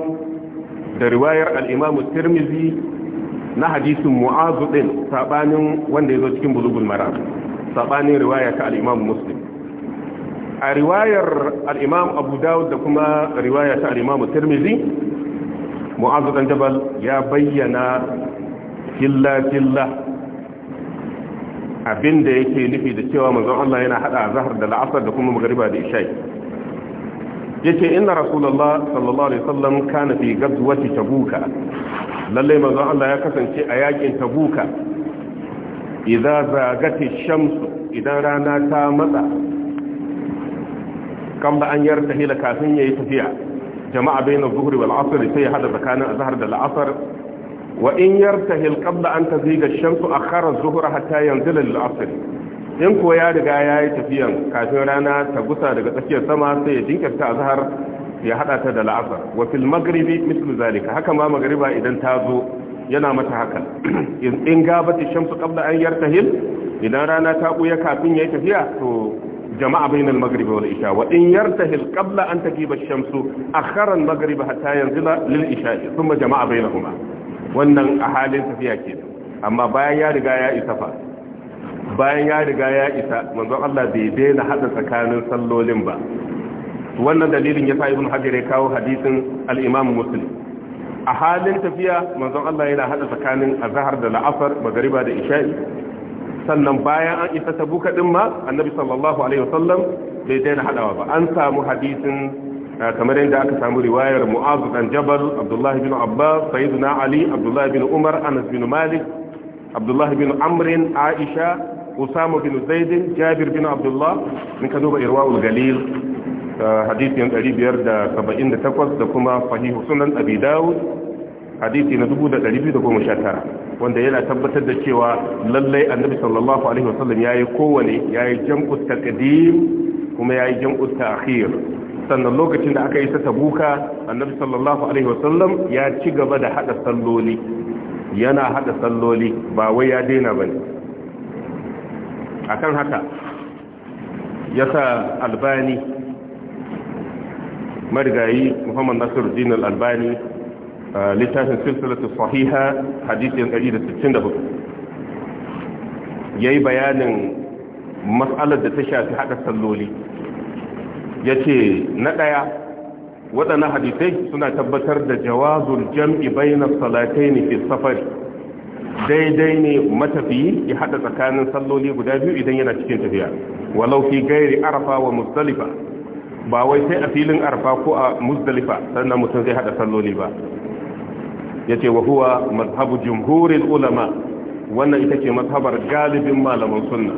da riwayar al'imam tirmizi na hadisin mu'azu ɗin saɓanin wanda ya zo cikin bulugun mara saɓanin riwaya ta al'imam muslim a riwayar al'imam abu dawud da kuma riwaya ta al'imam tirmizi mu'azu jabal ya bayyana filla filla abinda yake nufi da cewa manzon Allah yana haɗa zahar da la'asar da kuma magariba da isha'i yace ina rasulullah sallallahu alaihi sallam kana fi gazwati tabuka Lallai manzon Allah ya kasance a yakin tabuka idza zagati shamsu idan rana ta matsa kan ba an hila kafin ya yi tafiya jama'a bayna zuhri wal asr sai ya hada tsakanin azhar da la'asar wa in yartahil qabla an taziga ash-shamsu akhara az-zuhra hatta yanzila lil asr in ko ya riga ya yi tafiyan kafin rana ta gusa daga tsakiyar sama sai ya jinkirta azhar ya hada ta da la'asar wa fil maghribi mislu zalika haka ma magriba idan ta zo yana mata haka in gabati shamsu qabla an yartahil idan rana ta buya kafin yayi tafiya to jama'a bainal maghrib wal isha wa in yartahil qabla an takiba ash-shamsu akhara al-maghrib hatta yanzila lil isha thumma jama'a bainahuma wannan a halin tafiya ke amma bayan ya riga ya isa fa bayan ya riga ya isa manzon Allah bai daina hada tsakanin sallolin ba wannan dalilin yasa ibn hajar ya kawo hadisin al-imam muslim a halin tafiya manzon Allah yana hada tsakanin azhar da la'asar magriba da isha'i sannan bayan an isa tabuka din ma annabi sallallahu alaihi wasallam bai daina hadawa ba an samu hadisin uh, kamar yadda aka samu riwayar mu'azu dan jabal abdullahi bin abbas sayyidina ali abdullahi bin umar anas bin malik abdullahi bin amr aisha usama bin zaid jabir bin abdullah in ka duba irwaul galil uh, hadisin 578 da kuma sahihu sunan abi dawud hadisi na tara. wanda yana tabbatar da cewa lallai annabi sallallahu alaihi wasallam yayi kowane yayi jam'u taqdim kuma yayi jam'u ta'khir sannan lokacin da aka yi ta tabuka annabi sallallahu alaihi wasallam ya ci gaba da hada salloli yana hada salloli ba wai ya daina bane akan haka yasa albani marigayi muhammad Nasiru al-albani littafin silsilatu sahiha hadisin 164 yi bayanin mas'alar da ta shafi haɗa salloli ce na ɗaya waɗannan hadisai suna tabbatar da jawazun jam'i bayna salatayn fi safari daidai ne matafiyi ya haɗa tsakanin salloli guda biyu idan yana cikin tafiya walau fi gairi arafa wa ba wai sai a filin arafa ko a muzdalifa sannan mutum zai haɗa salloli ba ce wa huwa mazhabu jumhurin ulama wannan ita ce mazhabar galibin malaman sunna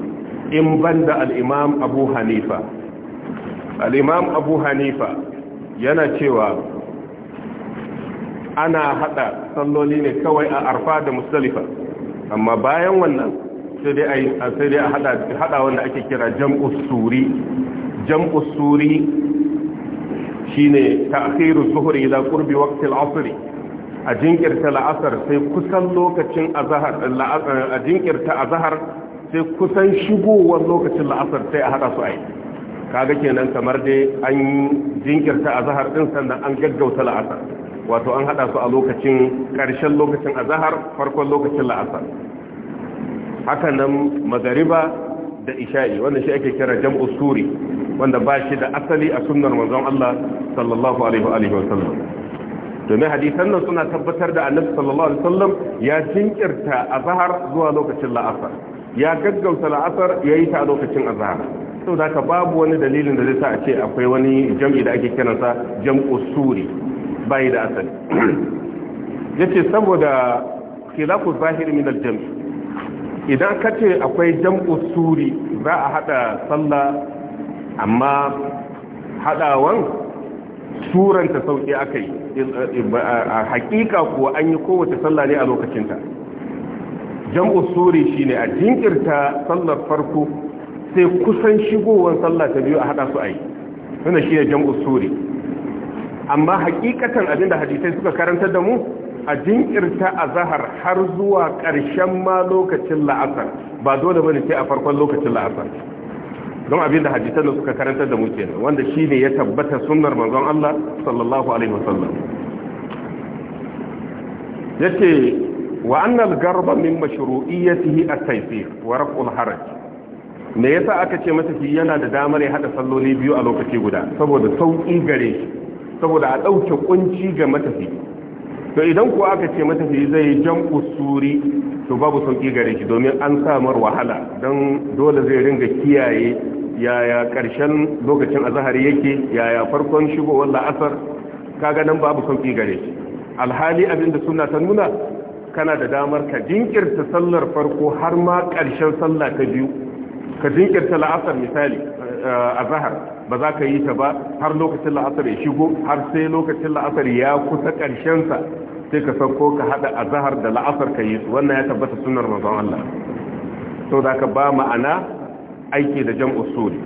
in banda al-imam abu hanifa al abu hanifa yana cewa ana hada salloli ne kawai a arfa da musdalifa amma bayan wannan sai dai a sai dai a hada hada wanda ake kira jam'us suri jam'us suri shine ta'khiru zuhri ila qurbi waqti al a jinkirta la'asar sai kusan lokacin azahar a jinkirta azahar sai kusan shigowar lokacin la'asar sai a haɗa su a yi kaga kenan kamar dai an jinkirta azahar ɗin sannan an gaggauta la'asar wato an haɗa su a lokacin ƙarshen lokacin azahar farkon lokacin la'asar haka nan magariba da isha'i wanda shi ake kira jam'u suri wanda ba shi da asali a sunnar manzon Allah sallallahu alaihi wa sallam domin hadisan nan suna tabbatar da annabi sallallahu alaihi wasallam ya jinkirta azhar zuwa lokacin la'asar ya gaggauta la'asar yayi ta a lokacin azhar saboda ka babu wani dalilin da zai sa a ce akwai wani jam'i da ake kiransa jam'u suri bai da asali (clears throat) yace saboda khilafu zahiri min al-jam' idan ka ce akwai jam'u suri za a hada sallah amma hadawan suranta sauƙi aka yi uh, a hakika kuwa an yi kowace sallah ne a lokacinta jam'u suri ne a jinkirta sallar farko sai kusan shigowar sallah ta biyu a hada su a yi shi ne jam'u suri amma hakikatan abinda hadisai suka karanta da mu a jinkirta a zahar har zuwa ƙarshen ma lokacin la'asar ba dole bane sai a farkon lokacin la'asar don abin da hadisan da suka karantar da muke wanda wanda ne ya tabbata sunnar manzon Allah sallallahu alaihi wasallam yace wa anna al-garba min mashru'iyyatihi at-tayfir wa raf'u al-haraj me yasa aka ce masa shi yana da damar ya hada salloli biyu a lokaci guda saboda sauki gare shi saboda a dauke kunci ga matafi to idan ko aka ce matafi zai jan usuri to babu sauki gare shi domin an samar wahala don dole zai ringa kiyaye yaya ƙarshen lokacin azahar yake yaya farkon shigowar la'asar kaga nan babu sauki gare shi alhali abinda suna ta nuna kana da damar ka jinkirta sallar farko har ma karshen sallah ta biyu ka jinkirta la'asar misali eh, azahar ba za ka yi ta ba har lokacin la'asar ya shigo har sai lokacin la'asar ya kusa ƙarshen sa sai ka sauko ka hada azahar da la'asar ka yi wannan ya tabbata sunar mazan Allah to da ka ba ma'ana aiki da jam'u suri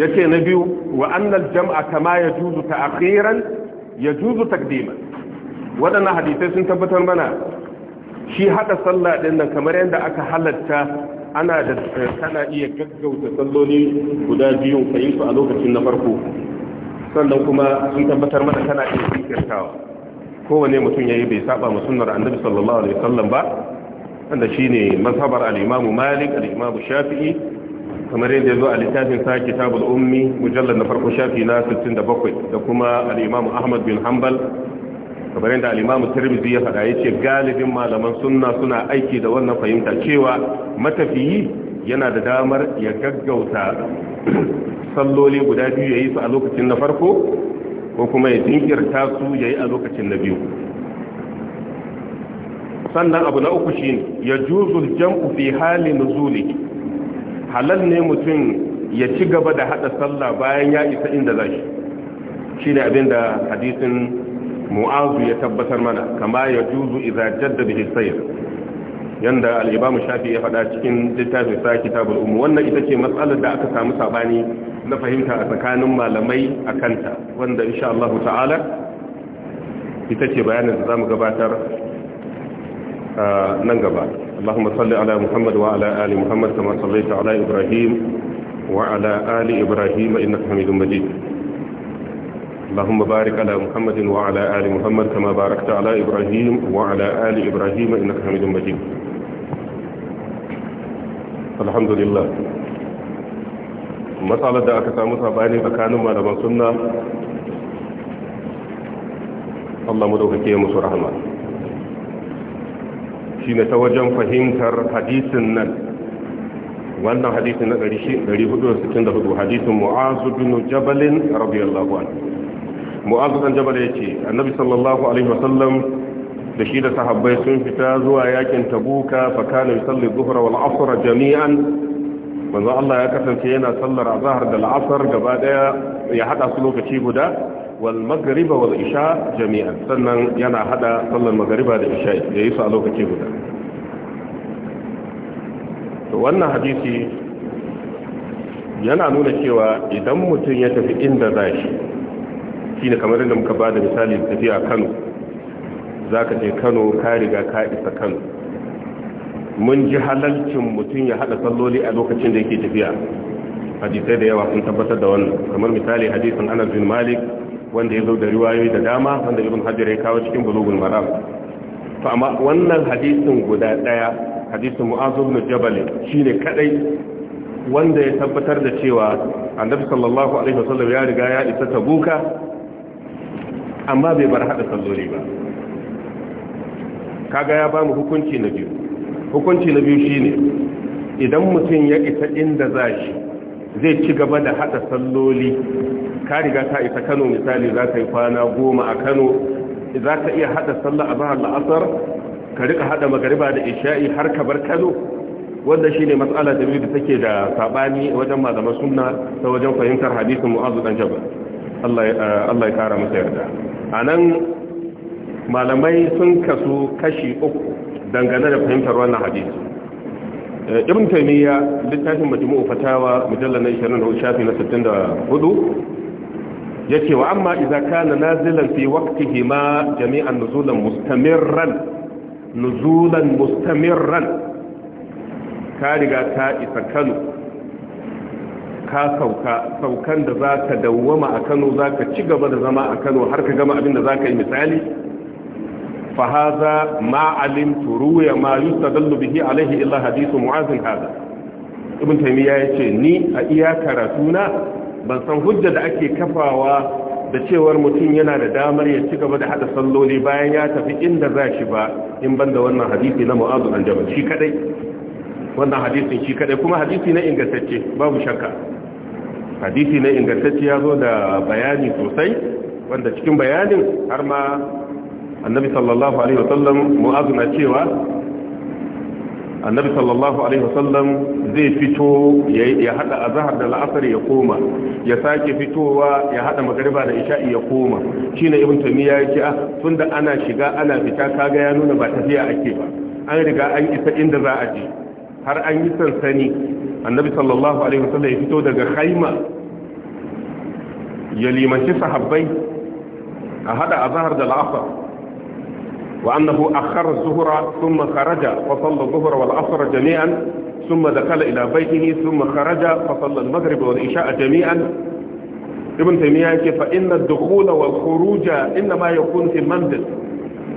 yace na biyu wa jam'a kama yajuzu ya yajuzu taqdiman waɗannan hadisai sun tabbatar mana shi haɗa sallah ɗin nan kamar yadda aka halatta ana da kana eh, iya gaggauta salloli guda biyu kayin su a lokacin na farko sannan kuma sun tabbatar mana kana iya jinkirtawa kowane mutum ya yi bai saba ma sunnar annabi sallallahu alaihi sallam ba wanda shine ne masabar imam Malik al Shafi'i kamar yadda zo a littafin sa Kitabul Ummi mujallal na farko shafi na 67 da kuma al-Imam Ahmad bin Hanbal kamar yadda al-Imam Tirmidhi ya faɗa yace galibin malaman sunna suna aiki da wannan fahimta cewa matafiyi yana da damar ya gaggauta (clears throat) salloli guda biyu ya yi su a lokacin na farko ko kuma ya jinkirta su yayi a lokacin na biyu sannan abu na uku ne, ya juzul jam'u fi hali nuzuli halal ne mutum ya ci gaba da hada sallah bayan ya isa inda shi, shine abinda hadisin mu'azu ya tabbatar mana kama ya juzu idza jadda bihi sayr yanda alibamu shafi ya faɗa cikin littafin sa kitabul umm wannan ita ce matsalar da aka samu sabani na fahimta a tsakanin malamai a kanta, wanda insha Allah ta'ala ita ce bayanin da zamu gabatar nan gaba Allahumma salli ala Muhammad wa ala ali Muhammad kama sallaita ala Ibrahim wa ala ali Ibrahim innaka Hamidum Majid اللهم بارك على محمد وعلى آل محمد كما باركت على إبراهيم وعلى آل إبراهيم إنك حميد مجيد الحمد لله matsalar da aka samu sabani tsakanin malaman sunna Allah mu dauke musu rahama shine ta wajen fahimtar hadisin nan wannan hadisin na 464 hadisin mu'azu bin jabal radiyallahu an mu'azu bin jabal yace annabi sallallahu alaihi wasallam da shi da sahabbai sun fita zuwa yakin tabuka fa kana yusalli dhuhra wal asr jami'an manzo Allah ya kasance yana sallar azhar da al-asr gaba daya ya hada su lokaci guda wal والعشاء جميعا isha sannan yana hada sallar magriba da isha ya yi su a lokaci guda wannan hadisi yana nuna cewa idan mutum ya tafi inda za shi shine kamar inda muka ba da misali tafiya Kano zaka je Kano ka riga ka isa Kano mun ji halalcin mutum ya hada salloli a lokacin da yake tafiya hadisai da yawa sun tabbatar da wannan kamar misali hadisin Anas bin Malik wanda ya zo da riwayoyi da dama wanda ibn hajar ya kawo cikin bulugul maram to amma wannan hadisin guda daya hadisin mu'az ibn jabal shine kadai wanda ya tabbatar da cewa annabi sallallahu alaihi wasallam ya riga ya isa tabuka amma bai bar hada salloli ba kaga ya bamu hukunci na biyu hukunci na biyu shine idan mutum ya isa inda za shi. zai ci gaba da hada salloli ka riga ka isa kano misali za ka yi kwana goma a kano za ka iya hada sallah a zahar la'asar ka rika hada magariba da isha'i har ka bar kano wanda shi ne matsala da da take da sabani wajen malaman sunna ta wajen fahimtar hadisin mu'azu dan jabal Allah ya kara masa yarda a nan malamai sun kasu kashi uku dangane da fahimtar wannan hadisi Eh, ibn taymiya littafin majmu'u fatawa mujallal 20 shafi na 64 yace wa amma idza kana nazilan fi waqtihi ma jami'an nuzulan mustamirran nuzulan mustamirran ka riga ta isa Kano ka sauka saukan da zaka dawwama a Kano zaka ci gaba da zama a Kano har ka gama abin da zaka yi misali فهذا ما ma alimtu ما يستدل به عليه alaihi حديث معاذ هذا ابن ibn yace ni a iya karatuna ban san hujja da ake kafawa da cewar mutum yana da damar ya ci gaba da hada salloli bayan ya tafi inda za shi ba in banda wannan hadisi na mu'azu an jabal shi kadai wannan hadisin shi kadai kuma hadisi na ingantacce babu shakka hadisi na ingantacce ya zo da bayani sosai wanda cikin bayanin har ma annabi sallallahu alaihi wasallam mu'azu na cewa annabi sallallahu alaihi wasallam zai fito ya hada azhar da la'asar ya koma ya sake fitowa ya hada magariba da isha'i ya koma shine ibn tamiya yake ah tunda ana shiga ana fita kaga ya nuna ba tafiya ake ba an riga an isa inda za a je har an yi sansani annabi sallallahu alaihi wasallam ya fito daga khaima ya limanci sahabbai a hada azhar da la'asar وأنه أخر الظهر ثم خرج فصلى الظهر والعصر جميعا ثم دخل إلى بيته ثم خرج فصلى المغرب والعشاء جميعا ابن تيمية فإن الدخول والخروج إنما يكون في المنزل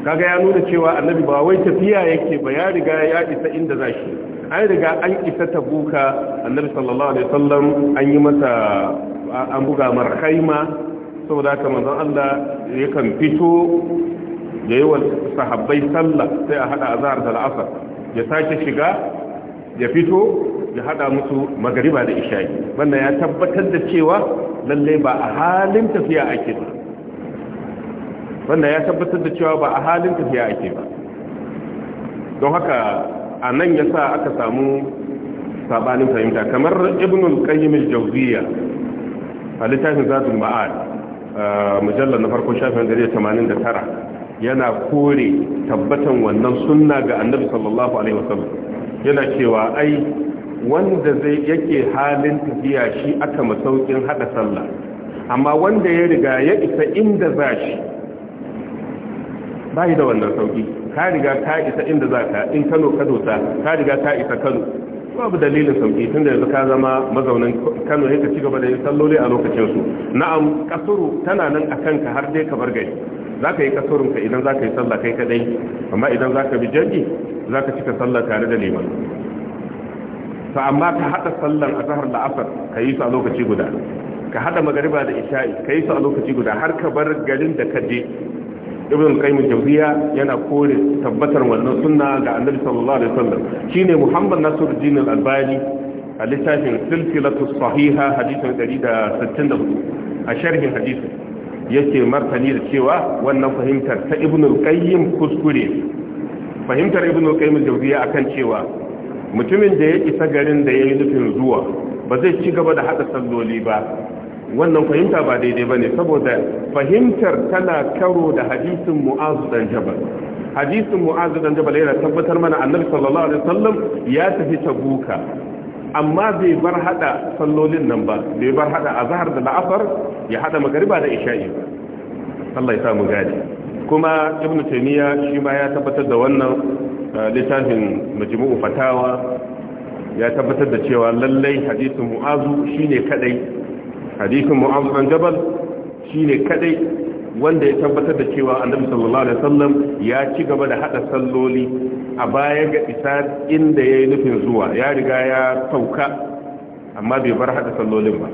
kaga ya nuna cewa annabi ba wai tafiya yake ba ya riga ya isa inda zashi an riga an isa buka annabi sallallahu alaihi wasallam an yi an buga marhaima saboda haka manzon Allah yakan fito ya yi wa sahabbai sallah sai a hada azhar da al'asar ya sake shiga ya fito ya hada musu magariba da isha'i wannan ya tabbatar da cewa lalle ba a halin tafiya ake ba wannan ya tabbatar da cewa ba a halin tafiya ake ba don haka a nan ya sa aka samu sabanin fahimta kamar ibnul qayyim al a littafin zatul ma'ad uh, mujallar na farko shafin 189 yana kore tabbatan wannan sunna ga annabi sallallahu alaihi wasallam yana cewa ai wanda zai yake halin tafiya shi aka masaukin hada sallah amma wanda ya riga ya isa inda za shi bai da wannan sauki ka riga ka isa inda za ka in kano ka dosa ka riga ka isa kano babu dalilin sauki tunda yanzu ka zama mazaunin kano ya ka ci gaba da yin salloli a lokacinsu na'am kasuru tana nan a kanka har dai ka bar gari za ka yi kasurunka idan za ka yi sallah kai kadai amma idan za ka bi jami za ka cika sallah tare da neman to amma ka haɗa sallan a zahar la'asar ka yi su a lokaci guda ka haɗa magariba da isha'i ka yi su a lokaci guda har ka bar garin da ka je ibn qayyim jawziya yana kore tabbatar wannan sunna ga annabi sallallahu alaihi wasallam shine muhammad nasiruddin al-albani a littafin silsilatu sahiha hadithin 164 a sharhin hadisin yake martani da cewa wannan fahimtar ta ibn qayyim kuskure fahimtar ibn al-qayyim jawziya akan cewa mutumin da ya isa garin da yi nufin zuwa ba zai ci gaba da hada salloli ba wannan fahimta ba daidai bane saboda fahimtar tana karo da hadisin mu'az dan jabal hadisin mu'az dan jabal yana tabbatar mana annabi sallallahu alaihi wasallam ya tafi tabuka amma bai bar hada sallolin nan ba bai bar hada azhar da la'afar ya hada magariba da isha'i Allah ya sa mu gane kuma ibn taymiya shi ma ya tabbatar da wannan uh, littafin majmu'u fatawa ya tabbatar da cewa lallai hadisin mu'azu shine kadai hadisin mu'azu an jabal shine kadai wanda ya tabbatar da cewa annabi sallallahu alaihi wasallam ya ci gaba da hada salloli a baya ga isa inda ya yi nufin zuwa ya riga ya sauka amma bai bar haɗa sallolin ba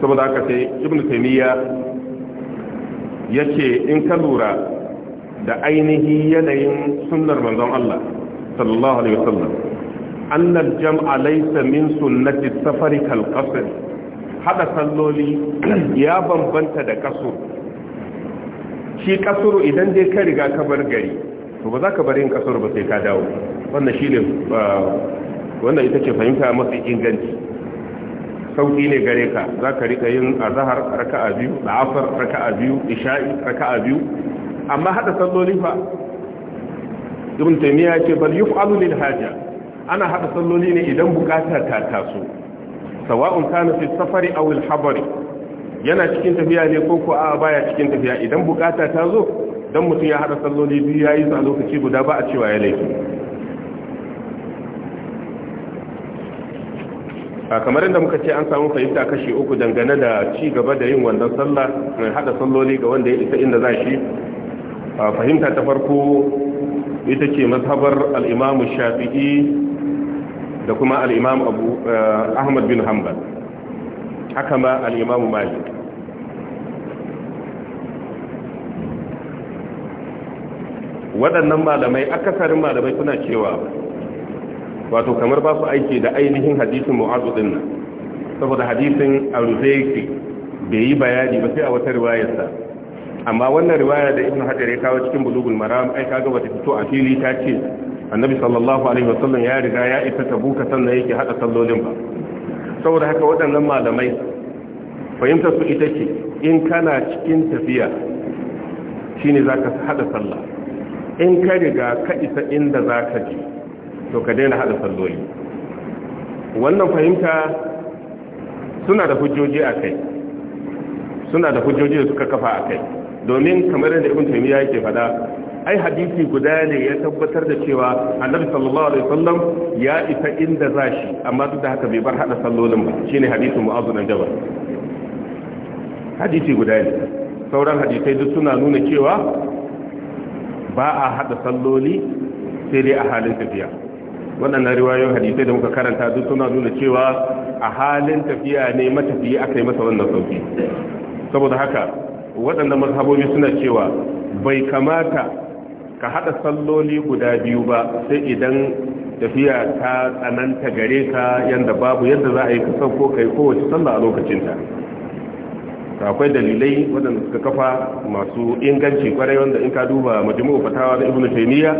saboda haka sai ibn taimiyya ya ce in ka lura da ainihi yanayin sunnar manzon Allah sallallahu alaihi wasallam annal jam'a laysa min sunnati safari kal haɗa salloli (clears throat) ya bambanta da kasur shi kasuru idan dai ka riga ka bar gari to ba za ka bari yin kasar ba sai ka dawo wannan shi ne wannan ita ce fahimta masu inganci sauki ne gare ka za ka rika yin azahar raka a biyu la'afar raka a biyu isha'i a biyu amma haɗa salloli fa ibn taymiya ce bal yuf'alu lil haja ana haɗa salloli ne idan bukata ta taso sawa'un kana fi safari aw al habari yana cikin tafiya ne ko ko a baya cikin tafiya idan bukata ta zo don mutum ya haɗa salloli biyu ya yi su a lokaci guda ba a cewa ya laifi a kamar inda muka ce an samu fahimta kashi uku dangane da ci gaba da yin wannan sallah mai haɗa salloli ga wanda ya isa inda za shi fahimta ta farko ita ce mazhabar al'imamu shafi'i da kuma al'imamu eh, ahmad bin hanbal haka ma al'imamu malik waɗannan malamai akasarin malamai suna cewa wato kamar ba su aiki da ainihin hadisin mu'azu din nan saboda hadisin arufe bai yi bayani ba sai a wata riwayarsa amma wannan riwaya da ibn hajar ya kawo cikin bulugul maram ai kaga bata fito a fili ta ce annabi sallallahu alaihi wasallam ya riga ya isa tabuka sannan yake hada sallolin ba saboda haka waɗannan malamai fahimtar su ita ce in kana cikin tafiya shine zaka hada sallah in ka riga ka isa inda za ka ji to ka daina haɗa salloli wannan fahimta suna da hujjoji a kai suna da hujjoji da suka kafa a kai domin kamar yadda ibn taymiya yake faɗa ai hadisi guda ne ya tabbatar da cewa annabi sallallahu alaihi wasallam ya isa inda zashi amma duk da haka bai bar hada sallolin ba shine hadisin mu'adh bin jabal hadisi guda ne sauran hadisai duk suna nuna cewa ba a haɗa salloli sai dai a halin tafiya waɗannan riwayoyin hadisai da muka karanta duk suna nuna cewa a halin tafiya ne matafiya aka yi masa wannan sauki saboda haka waɗannan mazhabobi suna cewa bai kamata ka haɗa salloli guda biyu ba sai idan tafiya ta tsananta gare ka yadda babu yadda za a yi ka sauko kai kowace sallah a lokacinta akwai dalilai waɗanda suka kafa masu inganci kwarai wanda in ka duba majimu fatawa na ibn taymiya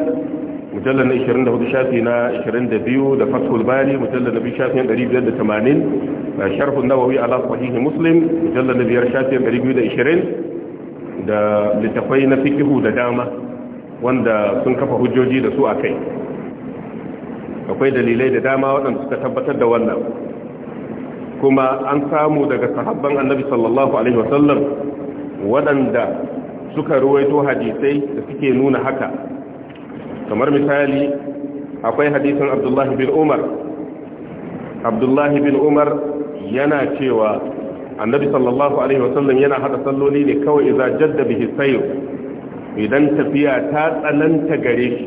mujallal na 24 shafi na 22 da fathul bari mujallal na 2 shafi 580 sharh an-nawawi ala sahih muslim mujallal na 5 shafi 220 da littafai na fiqh da dama wanda sun kafa hujjoji da su akai akwai dalilai da dama waɗanda suka tabbatar da wannan kuma an samu daga sahabban annabi sallallahu alaihi wasallam waɗanda suka ruwaito hadisai da suke nuna haka kamar misali akwai hadisin abdullahi bin umar abdullahi bin umar yana cewa annabi sallallahu alaihi wasallam yana hada salloli ne kawai idza jadda bihi sayr idan tafiya ta tsananta gare shi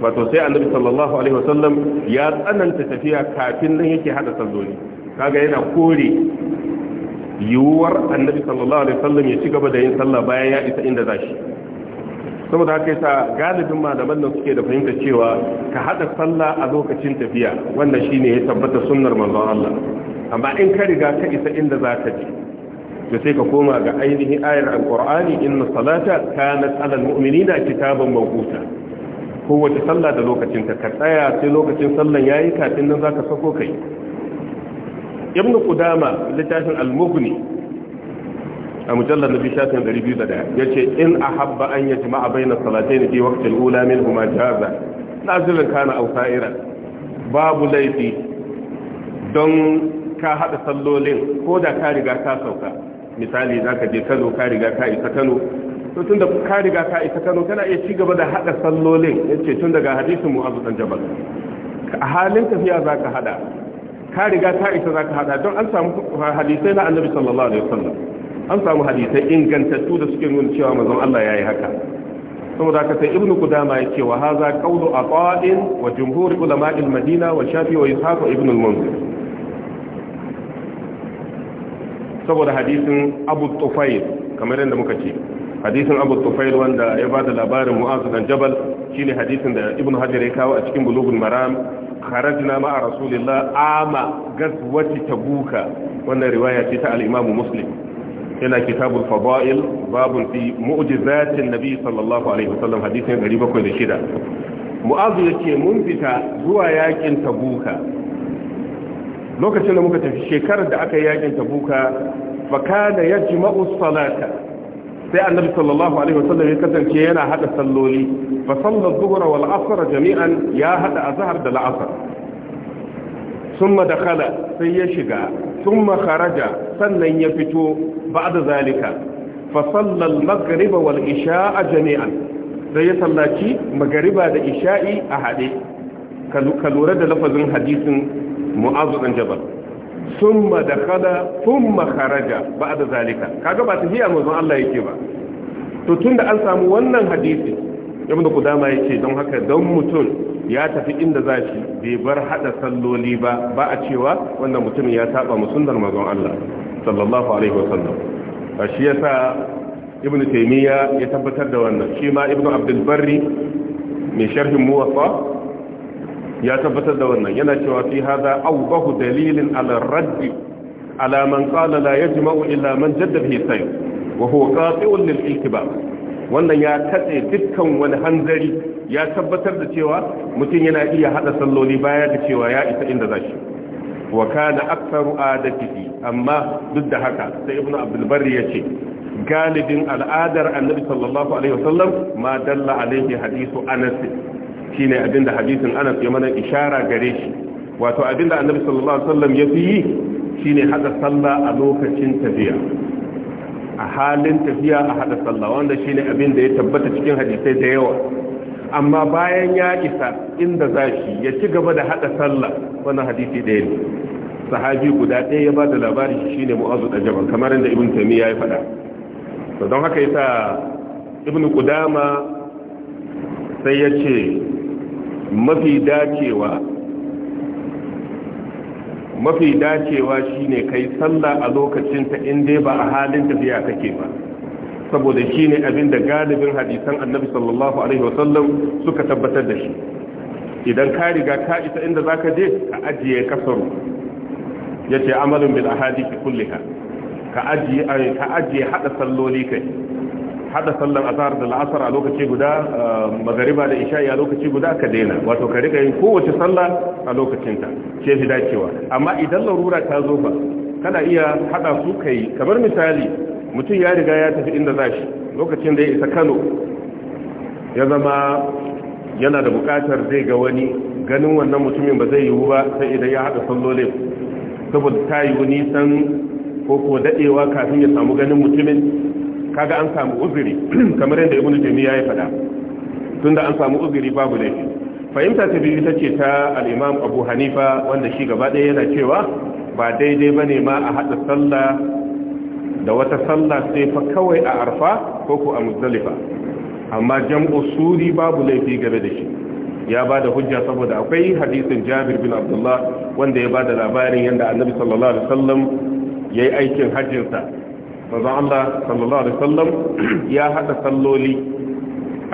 wato sai annabi sallallahu alaihi wasallam ya tsananta tafiya kafin nan yake hada salloli kaga yana kore yiwuwar annabi sallallahu alaihi wasallam ya ci gaba da yin sallah bayan ya isa inda zashi saboda haka yasa galibin malaman nan suke da fahimta cewa ka hada sallah a lokacin tafiya wannan shine ya tabbata sunnar manzon Allah amma in ka riga ka isa inda zaka ji to sai ka koma ga ainihin ayar alqur'ani inna salata kanat ala na kitaban mawquta kowace sallah da lokacin ta ka tsaya sai lokacin sallan yayi kafin nan zaka sako kai ibn qudama littafin al-mughni a mujallar nabi shafin 201 ya ce in a habba an yaji ma'a bayan salatai na fi waktin ula min huma jaza nazirin kana au sa'ira babu laifi don ka haɗa sallolin ko da ka riga ka sauka misali za ka je kano ka riga ka isa kano to tun da ka riga ka isa kano kana iya ci gaba da haɗa sallolin ya ce tun daga hadisin mu'azu ɗan jabal a halin tafiya za ka haɗa ka riga ka isa zaka hada don an samu hadisai na annabi sallallahu alaihi wasallam an samu hadisai ingantattu da suke nuna cewa manzon Allah yayi haka saboda ka sai ibnu ya yake wa hadha qawlu aqain wa jumhur ulama'il madina wa shafi wa ishaq ibn al-munzir saboda hadisin abu tufayl kamar yadda muka ce hadisin abu tufayl wanda ya bada labarin mu'az dan jabal shine hadisin da ibnu hajar ya kawo a cikin bulugul maram kharajna ma'a rasulillah ama gazwati tabuka wannan riwaya ce ta al-imam muslim yana kitabul fadail babun fi mu'jizatin nabi sallallahu alaihi wasallam hadisin 706 mu'azu yake mun fita zuwa yakin tabuka lokacin da muka tafi shekarar da aka yi yakin tabuka fa kana yajma'u salata sai annabi sallallahu alaihi wasallam ya kasance yana hada salloli fa salla dhuhra wal asr jami'an ya hada azhar da la'asr thumma dakhala sai ya shiga thumma kharaja sannan ya fito ba'da zalika fa salla al maghrib wal isha'a jami'an sai ya sallaci magriba da isha'i a hade ka lura da lafazin hadisin mu'azu dan jabal summa dakhala thumma kharaja da zalika kaga ba tafiya manzon Allah yake ba to tunda an samu wannan hadisi ibn ya yake don haka don mutum ya tafi inda zashi bai bar hada salloli ba ba a cewa wannan mutum ya saba mu manzon Allah sallallahu alaihi wasallam shi yasa ibn taymiya ya tabbatar da wannan shi ma ibn abdul barri mai sharhin muwaffa ya tabbatar da wannan yana cewa fi hada awdahu dalilin ala raddi ala man qala la yajma'u illa man jadda fi sayf wa huwa qati'un lil wannan ya katse dukkan wani hanzari ya tabbatar da cewa mutum yana iya hada salloli baya da cewa ya isa inda zashi wa kana aktsaru adatihi amma duk da haka sai ibnu abdul ya yace galibin al'adar annabi sallallahu alaihi wasallam ma dalla alaihi hadisu anas shine abinda hadisin Anas ya mana ishara gare shi wato abinda Annabi sallallahu alaihi wasallam ya fi yi shine hada sallah a lokacin tafiya a halin tafiya a hada sallah wanda shine abinda ya tabbata cikin hadisai da yawa amma bayan ya isa inda zashi ya ci gaba da hada sallah wannan hadisi ɗaya ne sahabi guda ɗaya ya ba da labari shi shine mu'azu da jabal kamar inda ibn taymiya ya faɗa to don haka yasa ibn qudama sai ya ce mafi dacewa mafi dacewa shine kai sallah a lokacin ta in dai ba a halin tafiya kake ba saboda shine abin da galibin hadisan annabi sallallahu alaihi wasallam suka tabbatar da shi idan ka riga ka isa inda zaka je ka ajiye kasaru yace amalin bil ahadith kulliha ka ajiye ka ajiye hada salloli kai hada sallar azhar da la'asar a lokaci guda magariba da isha'i a lokaci guda ka daina wato ka rika yin kowace sallah a lokacinta ce fi dacewa amma idan larura ta zo ba kana iya hada su kai kamar misali mutum ya riga ya tafi inda za shi lokacin da ya isa kano ya zama yana da bukatar zai ga wani ganin wannan mutumin ba zai yiwu ba sai idan ya hada sallolin saboda ta yiwu nisan ko ko dadewa kafin ya samu ganin mutumin kaga an samu uzuri (clears throat) kamar yadda ibnu taymiya ya faɗa tunda an samu uzuri babu laifi fahimta ta biyu ita ce ta alimam abu hanifa wanda shi gaba ɗaya yana cewa ba daidai ba ne ma a hada sallah da wata sallah sai fa kawai a arfa ko ko a muzdalifa amma jam'u suri babu laifi game da shi ya ba da hujja saboda akwai hadisin jabir bin abdullah wanda ya ba da labarin yadda annabi sallallahu alaihi wasallam ya yi aikin hajjinsa manzon Allah sallallahu alaihi wasallam ya hada salloli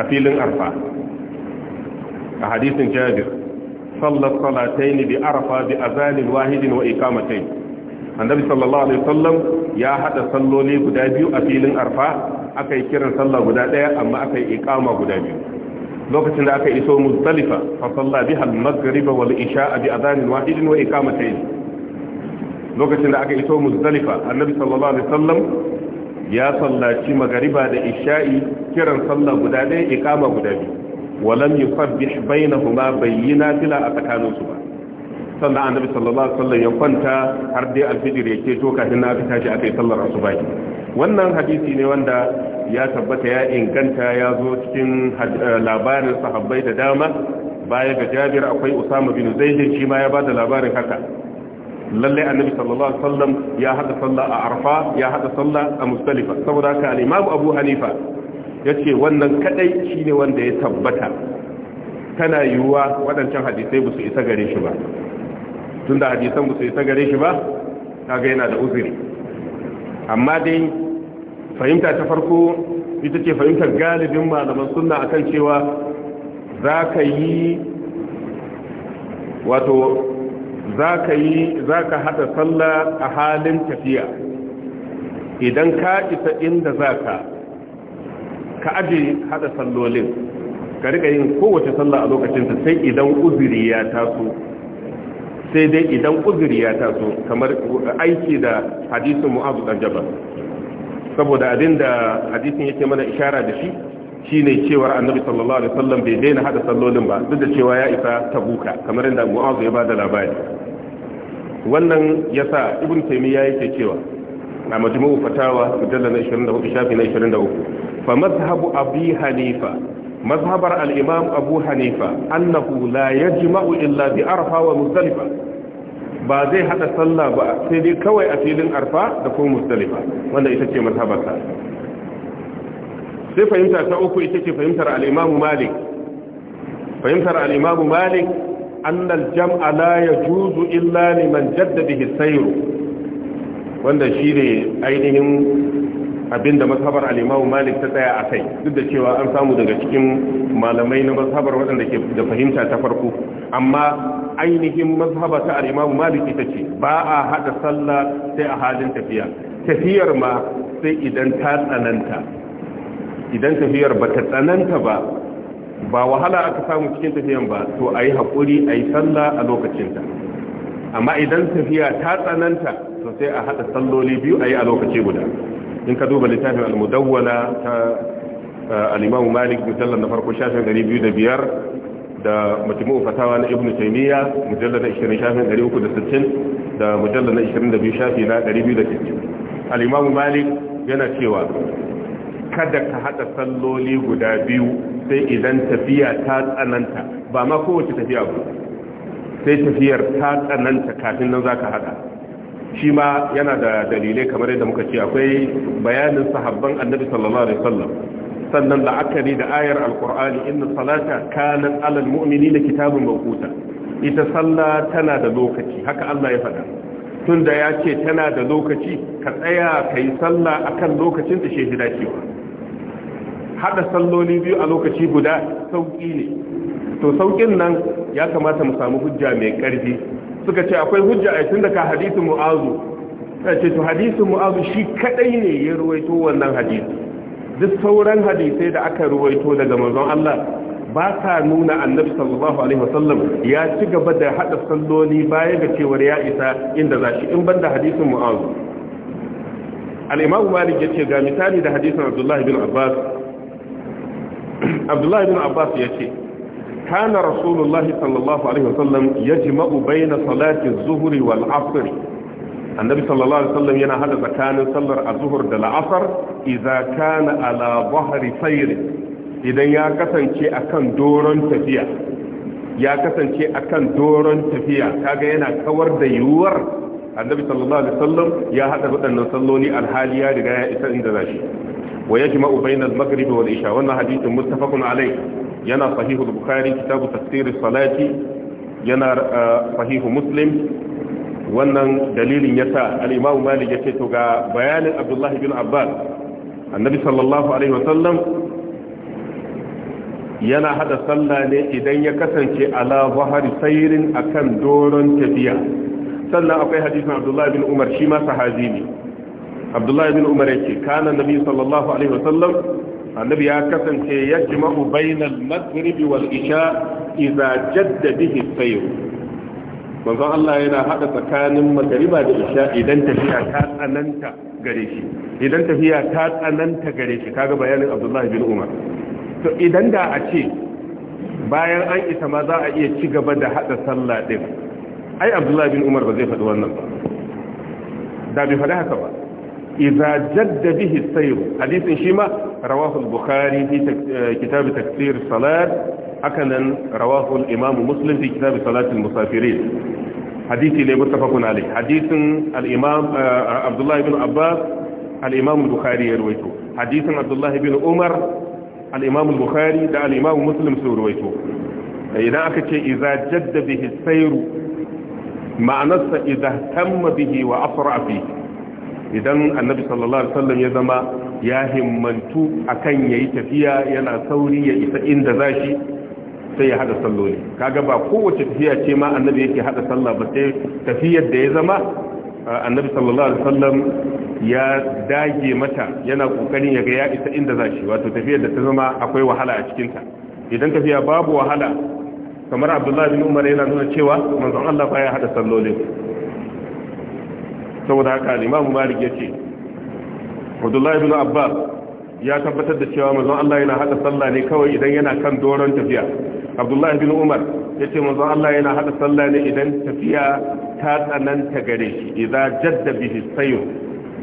a filin arfa a hadisin jabir sallat salataini bi arfa bi azanin wahidin wa iqamatain annabi sallallahu alaihi wasallam ya hada salloli guda biyu a filin arfa akai kiran sallah guda daya amma akai iqama guda biyu lokacin da aka iso muzdalifa fa salla biha al-maghrib wal isha bi adhanin wahidin wa iqamatayn lokacin da aka iso muzdalifa annabi sallallahu alaihi wasallam ya sallaci magariba da isha'i kiran sallah guda ɗaya iqama guda biyu walam yusabbih bainahuma bayyinatila a tsakaninsu ba sannan annabi sallallahu alaihi wasallam ya kwanta har dai alfijir yake to kafin na fita shi akai sallar asuba wannan hadisi ne wanda ya tabbata ya inganta ya zo cikin eh, labarin sahabbai da dama baya ga Jabir akwai Usama bin Zaid shi ma ya da labarin haka lalle annabi sallallahu alaihi wasallam ya hada sallah a arfa ya hada sallah a mustalifa saboda haka al-imam abu hanifa yace wannan kadai shine wanda ya tabbata tana yiwuwa waɗancan hadisai ba su isa gare shi ba tunda hadisan ba su isa gare shi ba kaga yana da uzuri amma dai fahimta ta farko ita ce fahimtar galibin malaman sunna akan cewa za ka yi wato zaka yi zaka hada sallah a halin tafiya idan ka isa inda zaka ka aje hada sallolin ka riga yin kowace sallah a lokacin ta sai idan uzuri ya taso sai dai idan uzuri ya taso kamar aiki da hadisin mu'azu dan jabal saboda abinda hadisin yake mana ishara da shi shine cewar annabi sallallahu alaihi wasallam bai daina hada sallolin ba duk da cewa ya isa ta buka, kamar inda mu'azu ya bada labari wannan ya sa ibn taimi taymiya yake cewa a majmu'u fatawa mujallal 24 shafi na 23 fa mazhabu abi hanifa mazhabar al-imam abu hanifa annahu la yajma'u illa bi arfa wa muzdalifa ba zai hada sallah ba sai dai kawai a filin arfa da kuma muzdalifa wanda ita ce mazhabarsa sai fahimta ta uku ita ce fahimtar al-imam malik fahimtar al-imam malik annal jam'a la juzu illa liman jaddada hisairu wanda shi ne ainihin abinda masabar alimawu malik ta tsaya a kai duk da cewa an samu daga cikin malamai na masabar waɗanda ke da fahimta ta farko amma ainihin masaba ta alimawu malik ita ce ba a haɗa sallah sai a halin tafiya tafiyar ma sai idan ta tsananta idan tafiyar ba ta tsananta ba ba wahala aka samu cikin tafiyan ba to a yi haƙuri a yi sallah a lokacinta amma idan tafiya ta tsananta to sai a haɗa salloli biyu a yi a lokaci guda in ka duba littafin al-mudawwala ta eh, al-imamu malik mujallar na farko shafin gari biyu da biyar da mutumin fatawa na ibn taimiyya mujallar na ishirin shafin gari uku da sittin da mujallar na ishirin da biyu shafi na gari biyu da sittin alimamu malik yana cewa kada ka haɗa salloli guda biyu sai idan tafiya ta tsananta ba ma kowace tafiya ba sai tafiyar ta tsananta kafin nan zaka haɗa. shi ma yana da dalilai kamar yadda muka ce akwai bayanin sahabban annabi sallallahu alaihi wasallam sannan la'akari da ayar alqur'ani inna salata kanat alal mu'minina kitabun mawquta ita sallah tana da lokaci haka Allah ya faɗa tunda ya ce tana da lokaci ka tsaya ka yi sallah akan lokacin da shehi dacewa hada salloli biyu a lokaci guda sauki ne to saukin nan ya kamata mu samu hujja mai karfi suka ce akwai hujja a tun daga hadisin mu'azu ta ce to hadisin mu'azu shi kadai ne ya ruwaito wannan hadisi duk sauran hadisai da aka ruwaito daga manzon Allah ba ta nuna annabi sallallahu alaihi wasallam ya ci gaba da hada salloli baya ga cewar ya isa inda za shi in banda hadisin mu'azu al-imam malik yace ga misali da hadisin abdullahi bin abbas abdullahi bin abbas ya ce kana rasulullahi sallallahu alaihi wasallam yajma'u baina salati az-zuhri wal 'asr annabi sallallahu alaihi wasallam yana hada tsakanin sallar az-zuhr da al-'asr idza kana ala dhahri sayr idan ya kasance akan doron tafiya ya kasance akan doron tafiya kaga yana kawar da yiwuwar annabi sallallahu alaihi wasallam ya hada waɗannan salloni alhaliya daga riga ya isa inda zashi wa yajma'u bainal maghrib wal isha wannan hadisin muttafaqun alayh yana sahih bukhari kitab tafsir salati yana uh, sahih muslim wannan dalilin yasa al-imam malik yace to ga bayanin abdullah bin abbas annabi sallallahu alaihi wa sallam yana hada sallah ne idan ya kasance ala zahari sairin akan doron tafiya sannan akwai hadisin abdullah bin umar shi ma sahabi ne abdullahi bin umar yake kana nabi sallallahu alaihi wasallam annabi ya kasance ya jima'u bainal maghribi wal isha idza jadda bihi sayr manzon Allah yana hada tsakanin magriba da isha idan tafiya ta tsananta gare shi idan tafiya ta tsananta gare shi kaga bayanin abdullahi bin umar to idan da a ce bayan an isa ma za a iya ci gaba da hada sallah din ai abdullahi bin umar ba zai faɗi wannan ba da bai faɗi haka ba إذا جد به السير حديث شيما رواه البخاري في آه، كتاب تكثير الصلاة هكذا رواه الإمام مسلم في كتاب صلاة المسافرين حديث لي متفق عليه حديث الإمام آه، عبد الله بن عباس الإمام البخاري يرويته حديث عبد الله بن عمر الإمام البخاري ده الإمام مسلم سيرويته إذا أكتش إذا جد به السير معنى إذا اهتم به وأسرع فيه idan annabi sallallahu alaihi wasallam ya zama ya himmantu akan yayi tafiya yana sauri ya isa inda zashi sai ya hada salloli kaga ba kowace tafiya ce ma annabi yake hada sallah ba sai tafiyar da ya zama annabi sallallahu alaihi wasallam ya dage mata yana kokarin ya ga ya isa inda zashi wato tafiyar da ta zama akwai wahala a cikin ta idan tafiya babu wahala kamar abdullahi bin umar yana nuna cewa manzon Allah ya hada salloli. saboda haka al-imamu ya ce. Abdullahi bin Abbas ya tabbatar da cewa manzon Allah yana hada sallah ne kawai idan yana kan doron tafiya Abdullahi bin Umar ya yace manzon Allah yana hada sallah ne idan tafiya ta tsananta gare shi idan jadda bihi sayo,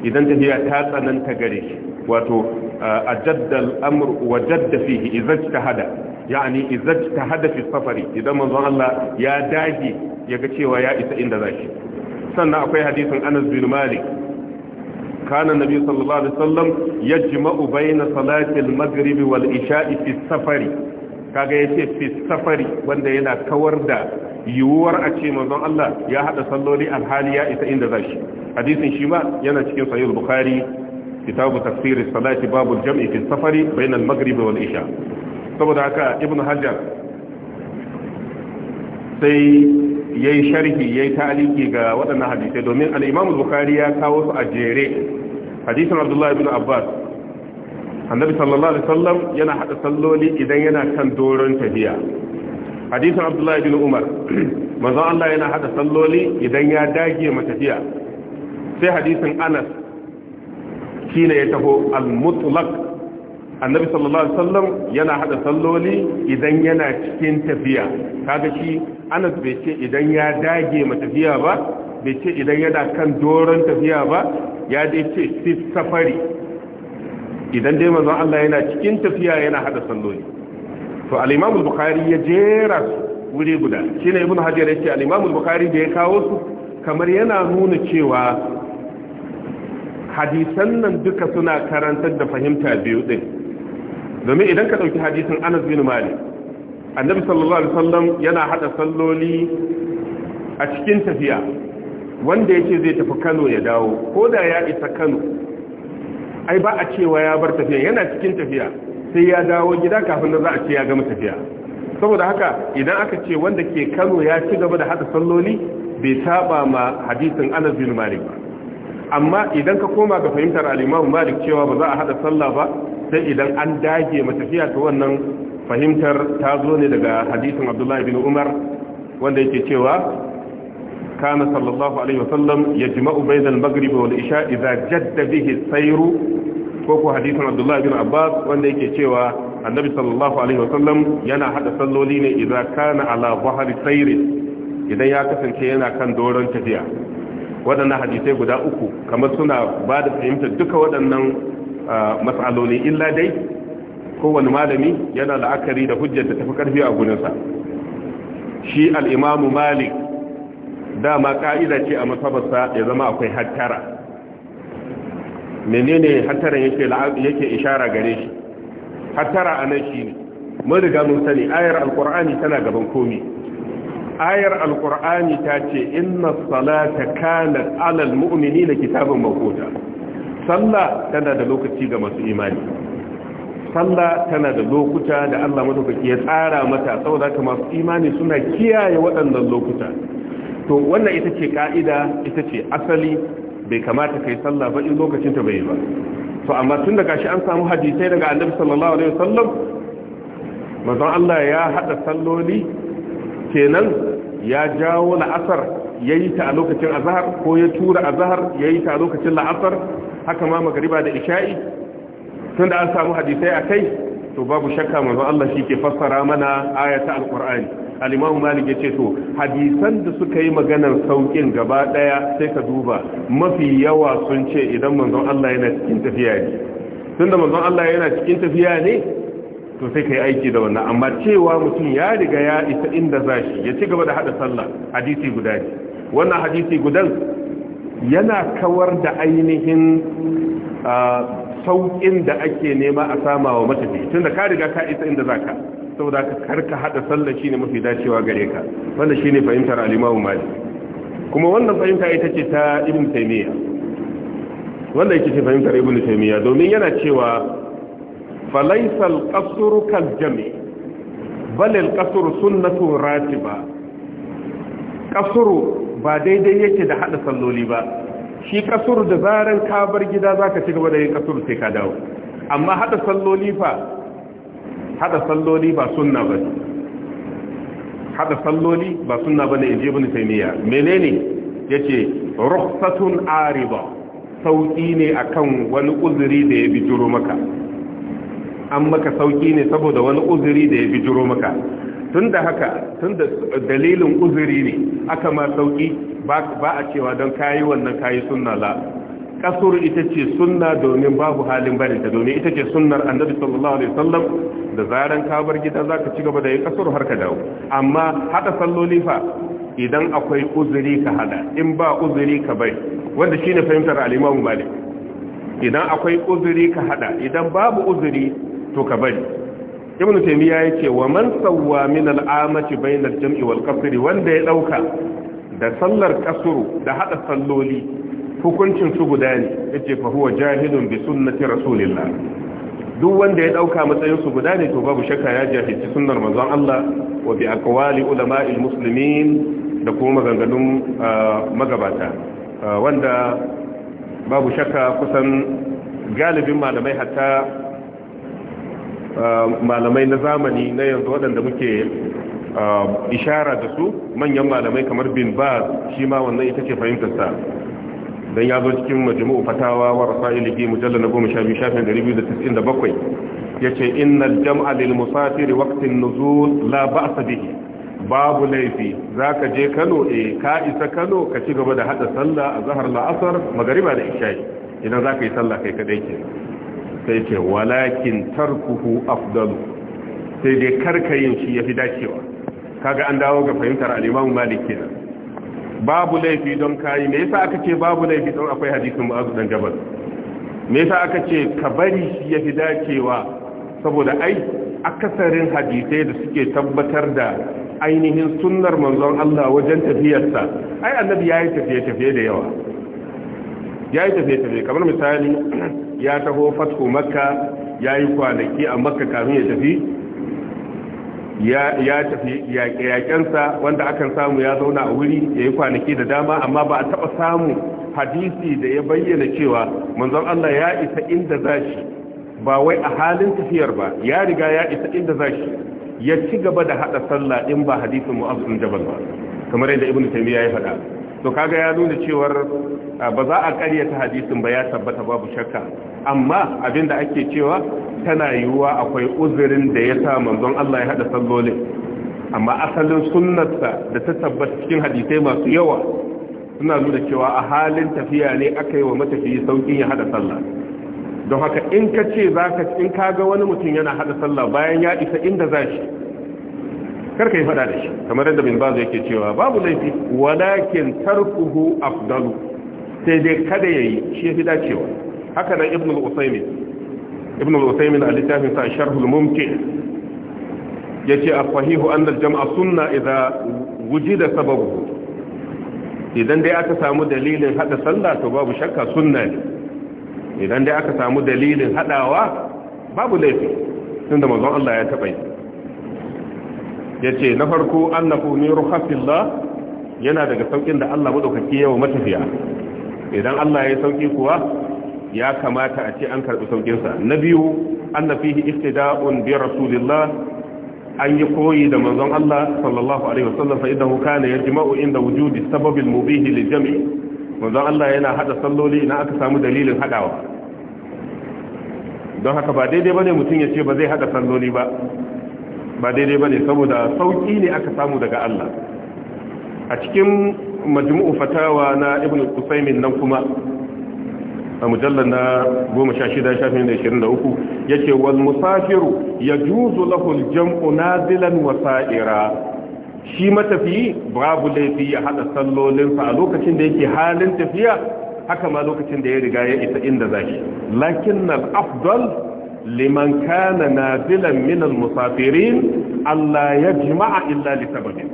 idan tafiya ta tsananta gare shi wato a al-amr wa jadda fihi idza ijtahada yani idza ijtahada fi safari idan manzon Allah ya dage ga cewa ya isa inda zai sannan akwai hadisin Anas bin Malik kana nabi sallallahu alaihi wasallam yajma'u bayna salati al-maghrib wal isha'i fi safari kaga yace fi safari wanda yana kawar da yiwuwar a ce manzon Allah ya hada salloli alhali ya isa inda zashi hadisin shi ma yana cikin sahih al-bukhari kitabu tafsir as-salati babu al-jam'i fi safari baina al-maghrib wal isha saboda haka ibn hajar sai yayi sharhi yayi ta'aliki ga waɗannan hadisai domin al-Imam ya kawo su a jere hadisin Abdullah bin Abbas Annabi sallallahu alaihi wasallam yana hada salloli idan yana kan doron tafiya hadisin Abdullah bin Umar (clears throat) manzo Allah yana hada salloli idan ya dage matafiya sai hadisin Anas shine ya taho al mutlak annabi sallallahu alaihi wasallam yana hada salloli idan yana cikin tafiya kaga shi Anas bai ce idan ya dage ma tafiya ba bai ce idan yana kan doron tafiya ba ya dai ce fi safari idan dai manzon Allah yana cikin tafiya yana hada salloli to al-Imam al-Bukhari ya jera wuri guda shine Ibn Hajar yace al-Imam al-Bukhari da ya kawo su kamar yana nuna cewa hadisan nan duka suna karantar da fahimta biyu din domin idan ka ɗauki hadisin anas bin malik annabi sallallahu alaihi wasallam yana hada salloli a cikin tafiya wanda yake zai tafi Kano ya dawo ko da ya isa Kano ai ba a cewa ya bar tafiya yana cikin tafiya sai ya dawo gida kafin da za a ce ya gama tafiya saboda haka idan aka ce wanda ke Kano ya ci gaba da hada salloli bai saba ma hadisin Anas bin Malik ba amma idan ka koma ga fahimtar al Malik cewa ba za a hada sallah ba sai idan an dage matafiya ta wannan fahimtar ta zo ne daga hadisin abdullahi bin Umar wanda yake cewa kana sallallahu alaihi wasallam yajma'u bayna al-maghrib wal isha idza jadda bihi sayr ko ko hadisin Abdullah Abbas wanda yake cewa annabi sallallahu alaihi wasallam yana hada salloli ne idza kana ala dhahri sayr idan ya kasance yana kan doron tafiya waɗannan hadisai guda uku kamar suna ba da fahimtar duka waɗannan matsaloli illa dai kowane malami yana la'akari da hujjar da tafi karfi a gudunsa. shi al'imamu malik dama ƙa'ida ce a masabarsa ya zama akwai hattara menene hattaran yake ishara gare shi hattara a nan shi ne mun riga mun sani ayar alkur'ani tana gaban komi ayar alkur'ani ta ce inna salata kanat alal na kitaban mawquta sallah tana da lokaci ga masu imani sallah tana da lokuta da Allah madaukaki ya tsara mata saboda haka masu imani suna kiyaye waɗannan lokuta to wannan ita ce ka'ida ita ce asali bai kamata kai sallah ba in lokacin ta bai ba to amma tun da gashi an samu hadisai daga Annabi sallallahu alaihi wasallam manzon Allah ya hada salloli kenan ya jawo la'asar ya yi ta a lokacin azahar ko ya tura azahar ya yi ta a lokacin la'asar haka ma magariba da isha'i tun da an samu hadisai a kai to babu shakka manzo Allah shi ke fassara mana ayata alqur'ani al-imamu malik ce to hadisan da suka yi maganar saukin gaba daya sai ka duba mafi yawa sun ce idan manzo Allah yana cikin tafiya ne tunda manzo Allah yana cikin tafiya ne to sai kai aiki da wannan amma cewa mutum ya riga ya isa inda zashi ya ci gaba da hada sallah hadisi guda ne wannan hadisi gudan yana kawar da ainihin saukin da ake nema a sama wa matafi tunda ka riga ka isa inda zaka saboda ka karka hada sallah shine mafi dacewa gare ka wannan shine fahimtar al Mali. kuma wannan fahimta ita ce ta Ibn Taymiyyah wanda yake fahimtar Ibn Taymiyyah domin yana cewa فليس القصر كالجمع بل القصر سنة راتبة قصر ba daidai yake da hada salloli ba shi kasur da zaran ka bar gida zaka ci gaba da yin kasur sai ka dawo amma hada salloli fa hada salloli ba sunna ba hada salloli ba sunna bane inji ibn taymiya menene yace rukhsatun ariba Sauƙi ne kan wani uzuri da ya bijiro maka an maka sauki ne saboda wani uzuri da ya bijiro maka tun da haka tun da dalilin uzuri ne aka ma sauki ba a cewa don kayi wannan kayi sunna la kasur ita ce sunna domin babu halin barinta domin ita ce sunnar annabi sallallahu alaihi wasallam da zaran ka bar gida zaka ci gaba da yin kasur har ka dawo amma hada salloli fa idan akwai uzuri ka hada in ba uzuri ka bai wanda shine fahimtar al-Imam Malik idan akwai uzuri ka hada idan babu uzuri to ka bari ibnu taymiya yake wa man sawwa min al bayna al-jam'i wal qasr wanda ya dauka da sallar kasuru da hada salloli hukuncin su guda ne yace fa huwa jahilun bi sunnati rasulillah duk wanda ya dauka matsayin su guda ne to babu shakka ya jahilci sunnar manzon Allah wa bi aqwali ulama'il muslimin da kuma maganganun ah, magabata ah, wanda babu shakka kusan galibin malamai hatta malamai na zamani na yanzu waɗanda muke ishara da su manyan malamai kamar bin baz shi ma wannan ita ce fahimtarsa don ya zo cikin majmu'u fatawa wa rasailihi mujallal na goma sha biyu shafin dari biyu da tisin da bakwai ya ce innal jam'a lil musafiri waqtin nuzul la ba'sa bihi babu laifi za ka je kano e ka isa kano ka ci gaba da haɗa sallah a zahar la'asar magariba da isha'i idan za ka yi sallah kai kaɗai ke sai ce walakin tarkuhu afdalu sai dai karkayin shi yafi dacewa kaga an dawo ga fahimtar al-Imam Malik kenan babu laifi don kai me yasa aka ce babu laifi don akwai hadisin Mu'adh dan Jabal me yasa aka ce ka bari shi yafi dacewa saboda ai akasarin hadisai da suke tabbatar da ainihin sunnar manzon Allah wajen tafiyarsa ai annabi yayi tafiye-tafiye da yawa ya yi tafiye-tafiye kamar misali (clears throat) ya taho fasko makka ya yi kwanaki a makka kafin ya tafi ya tafi yaƙensa wanda akan samu ya zauna a wuri ya yi kwanaki da dama amma ba a taɓa samu hadisi da ya bayyana cewa manzon Allah ya isa inda za shi ba wai a halin tafiyar ba ya riga ya isa inda za shi ya ci gaba da haɗa sallah in ba hadisin mu'azzin jabal ba kamar yadda ibn taymiya ya faɗa to kaga ya nuna cewar ba za a ta hadisin ba ya tabbata babu shakka amma abin abinda ake cewa tana yiwuwa akwai uzurin da ya sa manzon Allah ya hada sallolin amma asalin sunnarsa da ta tabbata cikin hadisai masu yawa suna nuna cewa a halin tafiya ne aka yi wa matafiya sauƙin ya hada sallah don haka in ka ce za ka in ka ga wani mutum yana hada sallah bayan ya isa inda za shi karka yi fada da shi kamar yadda bin bazu yake cewa babu laifi walakin tarkuhu afdalu sai dai kada yayi shi yafi dacewa haka nan ibnu al-usaymin ibnu al-usaymin a littafin sa sharh al-mumti yace afahihu anna al-jam'a sunna idza wujida sababu idan dai aka samu dalilin hada sallah to babu shakka sunna ne idan dai aka samu dalilin hadawa babu laifi tunda manzon Allah ya taba yi ya ce na farko annahu niru khafillah yana daga saukin da Allah madaukaki yawa matafiya idan Allah ya sauki kuwa ya kamata a ce an karbi saukin sa na biyu annafihi iftida'un bi rasulillah an yi koyi da manzon Allah sallallahu alaihi wasallam fa idahu kana yajma'u inda wujudi sababin mubihi lil jam'i manzon Allah yana hada salloli idan aka samu dalilin hadawa don haka ba daidai bane mutum ya ce ba zai hada salloli ba ba daidai ba ne saboda sauƙi ne aka samu daga Allah a cikin majmu'u fatawa na ibn al-qusaymin nan kuma a mujallar na 16 shafin 23 yake wal musafiru ya lahu al-jam'u nazilan wa sa'ira shi matafiyi babu laifi ya haɗa sallolinsa a lokacin da yake halin tafiya haka ma lokacin da ya riga ya isa inda zaki lakinnal afdal liman kana nazilan min al-musafirin Allah ya jima'a illa li sababin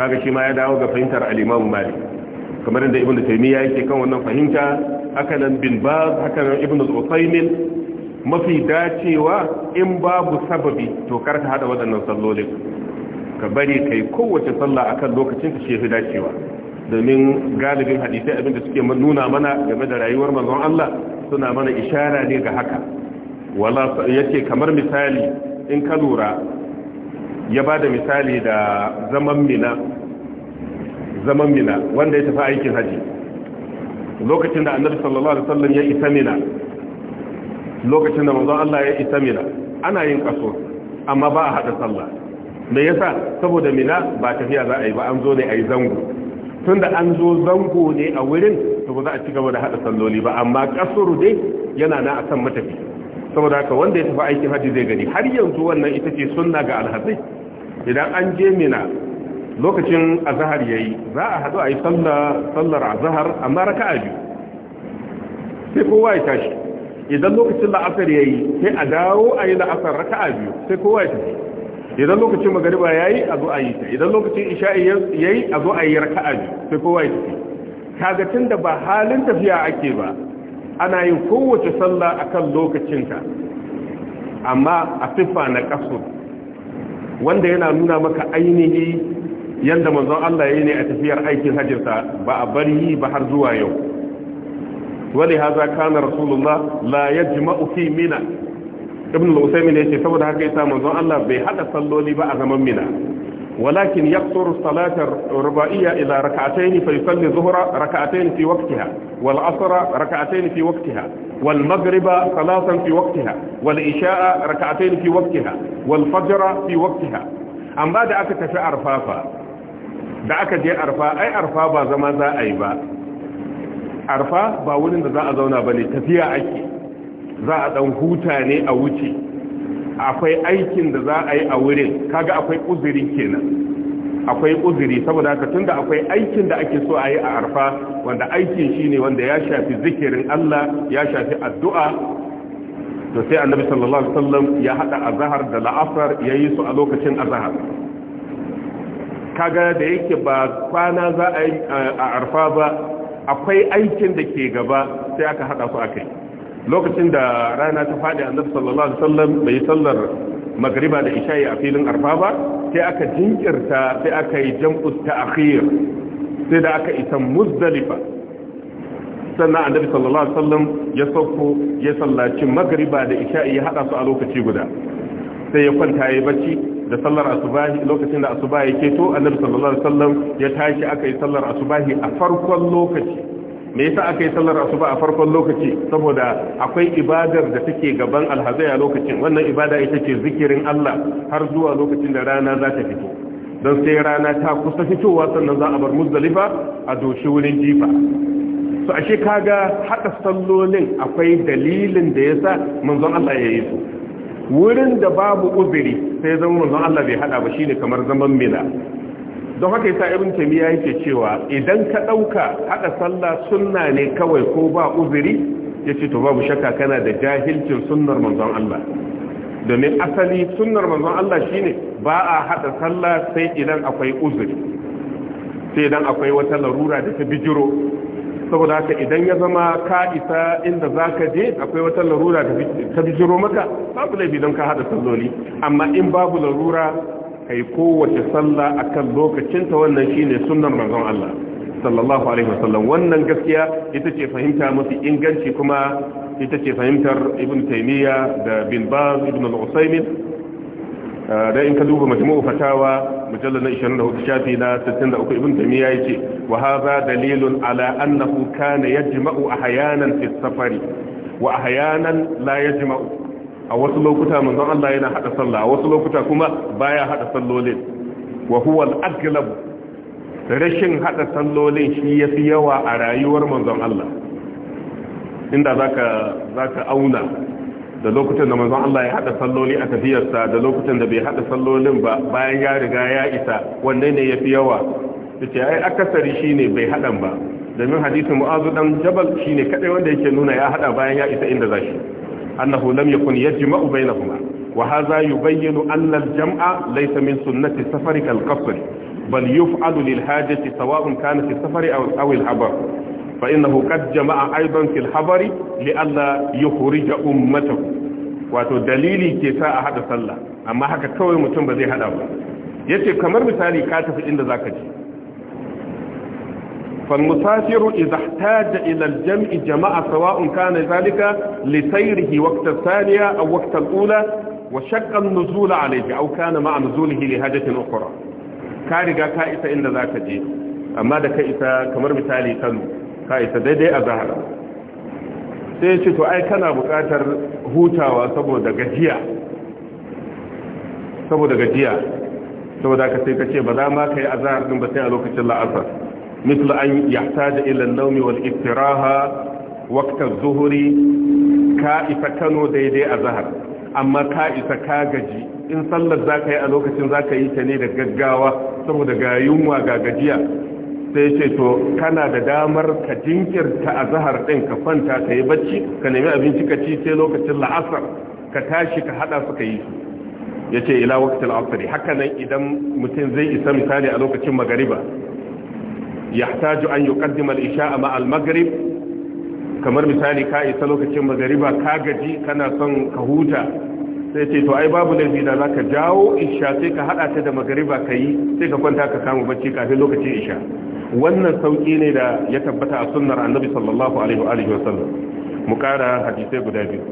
kaga shi ma ya dawo ga fahimtar al-Imam Malik kamar inda Ibn Taymiyyah yake kan wannan fahimta haka nan bin Baz haka nan Ibn al mafi dacewa in babu sababi to karka hada waɗannan sallolin ka bari kai kowace sallah akan lokacin ka shefi dacewa domin galibin hadisai abinda suke nuna mana game da rayuwar manzon Allah suna mana ishara ne ga haka wala ce kamar misali in ka lura ya bada misali da zaman mina zaman mina wanda ya tafi aikin haji lokacin da annabi sallallahu alaihi wasallam ya isa mina lokacin da manzon Allah ya isa mina ana yin kaso amma ba a hada sallah me yasa saboda mina ba tafiya za a yi ba an zo ne a yi zango tunda an zo zango ne a wurin to ba za a ci gaba da hada salloli ba amma kasuru dai yana na a san matafi saboda haka wanda ya tafi aikin hajji zai gani har yanzu wannan ita ce sunna ga alhazai idan an je mina lokacin ya yayi za a hadu a yi sallar azahar, amma raka a biyu sai kowa ya tashi idan lokacin la'asar yi, sai a dawo a yi la'asar a biyu sai kowa ya tafi idan lokacin magariba ya yi, a zo a yi ta idan lokacin isha'i yi, a zo a yi raka a biyu sai kowa ya tafi kagatin da ba halin tafiya ake ba ana yin kowace sallah akan lokacinka amma a siffa na kasu wanda yana nuna maka ainihi yadda manzon Allah ya ne a tafiyar aikin hajjinsa ba a bari ba har zuwa yau Wani haza kana rasulullah la yajma'u mina ibn al-usaymin yace saboda haka yasa manzon Allah bai haɗa salloli ba a zaman mina walakin yaqtur salat rubaiya ila rak'atayn fa yusalli dhuhra rak'atayn fi waqtiha wal asra rak'atayn fi waqtiha wal maghriba salatan fi waqtiha wal isha'a rak'atayn fi wal fajra fi amma da aka tafi arfafa da aka je arfa ai arfa ba zama za a yi ba arfa ba wurin da za a zauna ba ne, tafiya ake za a dan huta ne a wuce akwai aikin da za a yi a wurin kaga akwai uzuri kenan akwai uzuri saboda haka tunda akwai aikin da ake so a yi a arfa wanda aikin shine wanda ya shafi zikirin Allah ya shafi addu'a to sai annabi sallallahu alaihi wasallam ya hada azhar da la'asar yayi su a lokacin azhar kaga da yake ba kwana za a yi a arfa ba akwai aikin da ke gaba sai aka hada su akai lokacin da rana ta faɗi annabi sallallahu alaihi wasallam bai sallar magriba da isha'i a filin arfa ba sai aka jinkirta sai aka yi jam'u ta'khir sai da aka isa muzdalifa sannan annabi sallallahu alaihi wasallam ya sauko ya sallaci magriba da isha'i ya hada su a lokaci guda sai ya kwanta yayi bacci da sallar asubahi lokacin da asubahi ke to annabi sallallahu alaihi wasallam ya tashi aka yi sallar asubahi a farkon lokaci me yasa aka yi sallar asuba a farkon lokaci saboda akwai ibadar da take gaban alhazai a lokacin wannan ibada ita ce zikirin Allah har zuwa lokacin da rana za ta fito don sai rana ta kusa fitowa sannan za a bar muzdalifa a doshi wurin jifa su ashe kaga haɗa sallolin akwai dalilin da yasa manzon Allah ya yi su wurin da babu uzuri sai zama manzon Allah bai haɗa ba shine kamar zaman mina don haka yasa ibn taymiya yake cewa idan ka dauka hada sallah sunna ne kawai ko ba uzuri yace to babu shakka kana da jahilcin sunnar manzon Allah domin asali sunnar manzon Allah shine ba a hada sallah sai idan akwai uzuri sai idan akwai wata larura da ta bijiro saboda haka idan ya zama ka isa inda zaka je akwai wata larura da ta bijiro maka babu laifi don ka hada salloli amma in babu larura kai kowace sallah akan lokacinta wannan shine sunnan manzon Allah sallallahu alaihi wasallam wannan gaskiya ita ce fahimta mafi inganci kuma ita ce fahimtar ibn taymiya da bin baz ibn al-usaymin ah, da in ka duba majmu'u fatawa mujallal na 24 shafi na 63 ibn taymiya yace wa hadha dalilun ala annahu kana yajma'u ahyanan fi safari wa ahyanan la yajma'u a wasu lokuta manzon Allah yana hada sallah a wasu lokuta kuma baya hada sallolin wa huwa al rashin hada sallolin shi yafi yawa a rayuwar manzon Allah inda zaka zaka auna da lokutan da manzon Allah ya hada salloli a tafiyarsa da lokutan da bai hada sallolin ba bayan ya riga ya isa wanne ne yafi yawa yace ai akasari shine bai hadan ba domin hadisin mu'azu dan jabal shine kadai wanda yake nuna ya hada bayan ya isa inda zashi annahu lam yakun yajma'u bainahuma wa hadha yubayyinu anna al-jam'a laysa min sunnati safari kal-qasr bal yuf'alu lil hajati sawa'un kana fi safari aw aw al-habar fa innahu qad jama'a aidan fil habari li alla yukhrija ummatahu wato dalili ke sa a haɗa sallah amma haka kawai mutum ba zai haɗa ba yace kamar misali ka tafi inda zaka je فالمسافر إذا احتاج إلى الجمع جماعة سواء كان ذلك لسيره وقت الثانية أو وقت الأولى وشق النزول عليه أو كان مع نزوله لهجة أخرى كارغا كائسة إن ذاك جي أما دا كائسة كمر مثالي كانوا كائسة دي دي أزهر سيشي تؤي كان بكاتر هوتا وصبو دا غجية صبو دا غجية saboda ka sai ka ce ba za ma ka yi azahar ɗin ba sai a lokacin la'asar مثل أن يحتاج إلى النوم والاستراحة وقت الظهر كائفة كانوا ديدي أزهر أما كائفة كاجي in sallar za ka yi a lokacin za ka yi ta ne da gaggawa saboda ga ga gajiya sai ce to kana da damar ka jinkirta a zahar ɗin ka kwanta ka yi bacci ka nemi abinci ka ci sai lokacin la'asar ka tashi ka haɗa su ka yi su ya ce ila wakacin la'asari haka nan idan mutum zai isa misali a lokacin magariba yahtaju an yuqaddima al-isha'a ma al kamar misali ka isa lokacin magariba ka gaji kana son ka huta sai ce to ai babu laifi da ka jawo isha sai ka hada ta da magariba yi sai ka kwanta ka samu bacci kafin lokacin isha wannan sauki ne da ya tabbata a sunnar annabi sallallahu alaihi wa alihi wasallam mu kara hadisi guda biyu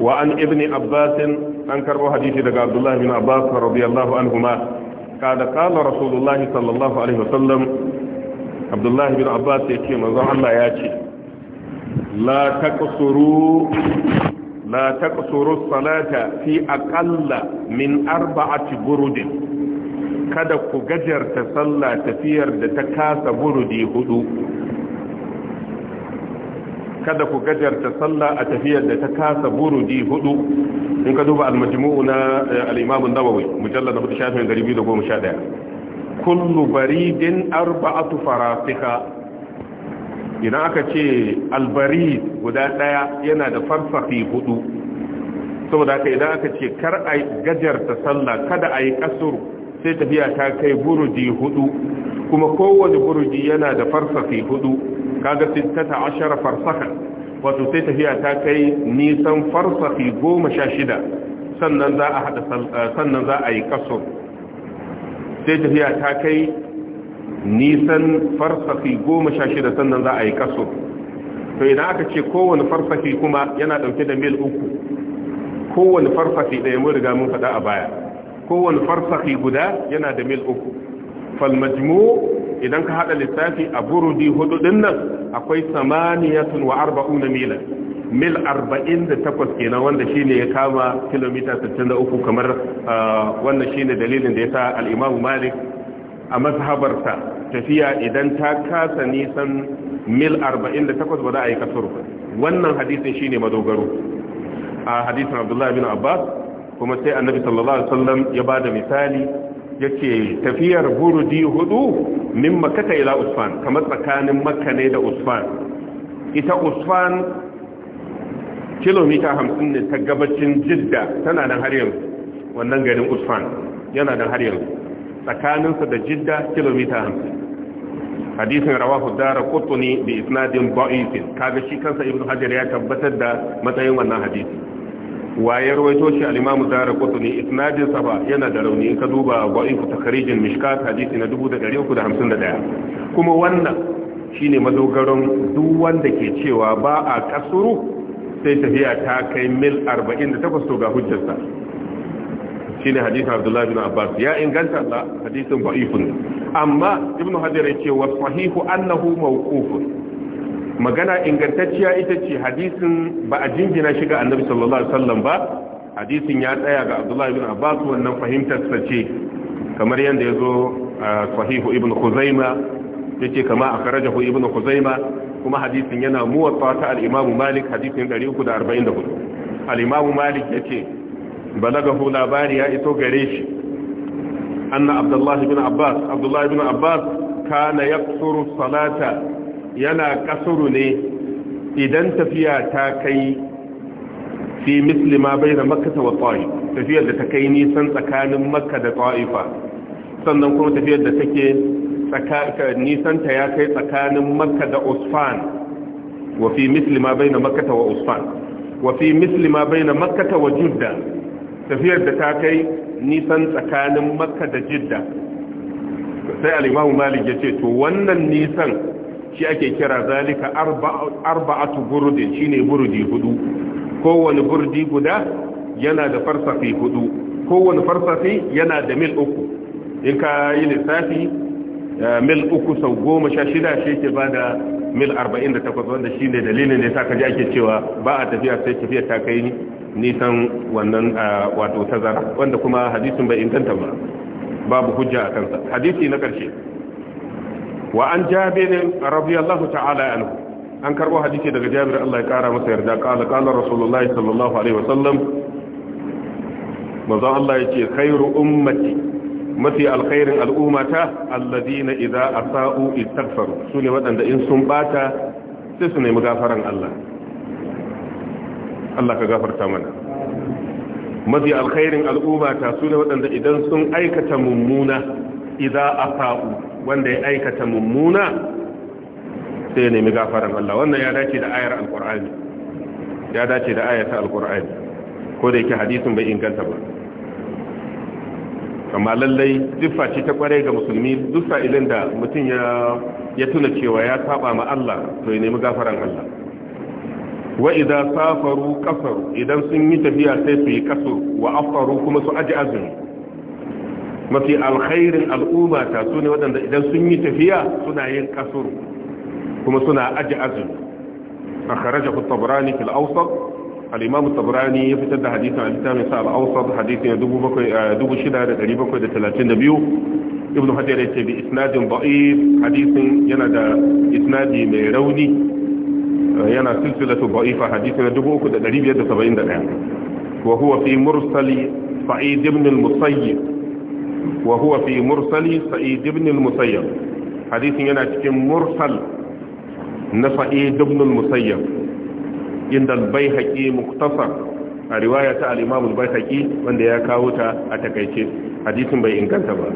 wa an ibni abbas an karbo hadisi daga abdullahi bin abbas radiyallahu anhuma kada kala rasulullahi sallallahu alaihi wasallam abdullahi bin abbas ya ce manzon Allah ya ce la taqsuru la taqsuru salata fi aqalla min arba'ati burudin kada ku gajarta sallah tafiyar da ta kasa burudi hudu kada ku gajarta sallah a tafiyar da ta kasa burudi hudu in ka duba al-majmu'u na eh, al-imam an-nawawi mujallad na shafin 211 kullu baridin arba'atu farasiha idan aka ce al-barid guda daya yana da farfafi hudu saboda haka idan aka ce kar a gajarta sallah kada a yi kasuru sai tafiya ta kai burudi hudu kuma kowane burudi yana da farfafi hudu kaga 16 farsakha wato sai tafiya ta kai nisan farsakhi 16 sannan za a hada eh, sannan za a yi kaso sai tafiya ta kai nisan farsakhi 16 sannan za a yi kaso to idan aka ce kowane farsakhi kuma yana dauke da mil uku kowane farsakhi da mun riga mun faɗa a baya kowane farsakhi guda yana da mil uku falmajmu idan ka hada lissafi a burudi hudu din nan akwai samaniyatun wa arba'una mila mil 48 kenan wanda shine ya kama kilomita 63 kamar ah, wannan shine dalilin da yasa al-Imam Malik a mazhabarsa tafiya idan ta kasa nisan mil 48 ba za a yi kasar wannan hadisin shine madogaro a hadisin Abdullah bin Abbas kuma sai Annabi sallallahu alaihi wasallam ya bada misali yace tafiyar burudi hudu min makka ila usfan kamar tsakanin maka ne da usfan ita usfan kilomita hamsin ne ta gabacin jidda tana nan har yanzu wannan garin usfan yana nan har yanzu tsakaninsa da jidda kilomita hamsin hadisin rawahu dara qutni da isnadin da'if kaga shi kansa ibnu hajar ya tabbatar da matsayin wannan hadisin. waye rawaito shi al imam zara isnadin sa yana da rauni ka duba wa'in takharijin mishkat hadisi na 1351 kuma wannan shine madogaron duk wanda ke cewa ba a kasuru sai tafiya ta kai mil 48 to ga hujjarsa shine hadisi Abdullah bin Abbas ya inganta Allah hadisin ba'ifun amma Ibn Hajar yake wa sahihu annahu mawqufun magana ingantacciya ita ce hadisin ba a jingina shiga annabi sallallahu alaihi wasallam ba hadisin ya tsaya ga abdullahi ibn abbas wannan fahimtar sa ce kamar yanda yazo sahihu ibn khuzaima yace kama akhrajahu ibn khuzaima kuma hadisin yana muwatta ta al-imam malik hadisin 344 al-imam malik yace balagahu labari ya iso gare shi anna abdullahi ibn abbas abdullahi ibn abbas kana yaksuru salata yana kasuru ne idan tafiya ta kai fi muslima bai da makka wa ta'if tafiyar da ta kai nisan tsakanin makka da ta'ifa sannan kuma tafiyar da take nisanta ya kai tsakanin makka da usfan wa fi muslima bai da makka wa usfan wa fi muslima bai da makka wa judda tafiyar da ta kai nisan tsakanin makka da jidda sai alimahu malik ya ce to wannan nisan shi ake kira zalika arba'atu burudin shine burudi hudu kowane burdi guda yana da farsafi hudu kowane farsafi yana da mil uku in ka yi lissafi eh, mil uku sau goma sha shida shi ke ba da mil arba'in da takwas wanda shi ne dalilin da ta kaji ake cewa ba a tafiya sai tafiya ta kai nisan wannan eh, wato tazara wanda kuma hadisin bai inganta ba babu hujja a kansa hadisi na ƙarshe wa an jabir radiyallahu ta'ala anhu an karbo hadisi daga jabir Allah ya kara masa yarda qala qala rasulullahi sallallahu alaihi wa wasallam manzo Allah yace khairu ummati mafi alkhairin al'ummata alladhina idza asa'u istaghfaru sune wadanda in sun bata sai su nemi gafaran Allah Allah ka gafarta mana mafi alkhairin al'umma ta su ne idan sun aikata mummuna idan a fa'u wanda ya aikata mummuna sai ya nemi gafaran Allah wannan ya dace da ayar alkur'ani ya dace da ayar ta ko da yake hadisin bai inganta ba amma lallai duffa ce ta kware ga musulmi duk idan da mutum ya ya tuna cewa ya saba ma Allah to ya nemi gafaran Allah wa idza safaru kafaru idan sun yi tafiya sai su yi kaso wa afaru kuma su aji azumi mafi alkhairin al'umma ta su ne waɗanda idan sun yi tafiya suna yin kasur kuma suna aji azumi a kharaja ku tabrani fil awsat al-imam tabrani ya fitar da hadisin al-kitabin sa al-awsat hadisin 6732 ibnu hajar yace bi isnadin da'if hadisin yana da isnadi mai rauni eh, yana silsilatu da'ifa hadisin 3571 wa huwa fi mursali sa'id ibn al-musayyib wa huwa fi mursali sa'id ibn al-musayyab hadisin yana cikin mursal na sa'id ibn al-musayyab inda al bayhaqi muktasar a riwaya ta al-imam al bayhaqi wanda ya kawo ta a takaice hadisin bai inganta ba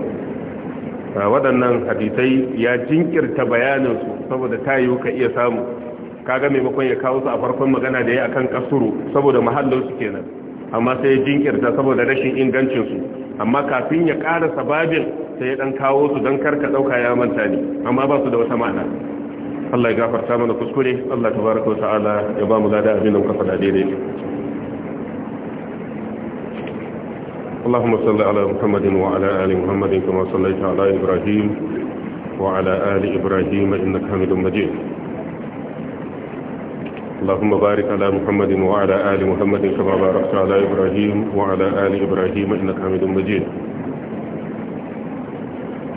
waɗannan hadisai ya jinkirta bayanin su saboda tayi ka iya samu kaga maimakon ya kawo su a farkon magana da ya akan kasuru saboda mahallin su kenan amma sai ya jinkirta saboda rashin ingancinsu amma kafin ya ƙara sababin sai ya ɗan kawo su don karka ɗauka ya manta ne amma ba su da wata ma'ana Allah ya gafarta mana kuskure Allah ta baraka wa ta'ala ya ba mu gada abin da muka faɗa daidai ala Muhammadin wa ala ali Muhammadin kama sallaita ala Ibrahim wa ala ali ibrahim innaka Hamidum Majid اللهم بارك على محمد وعلى آل محمد كما باركت على إبراهيم وعلى آل إبراهيم إنك حميد مجيد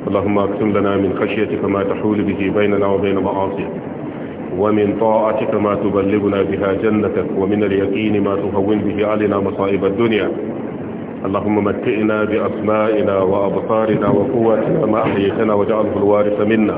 اللهم اقسم لنا من خشيتك ما تحول به بيننا وبين معاصيك ومن طاعتك ما تبلغنا بها جنتك ومن اليقين ما تهون به علينا مصائب الدنيا اللهم متئنا بأسمائنا وأبصارنا وقوتنا ما أحييتنا وجعله الوارث منا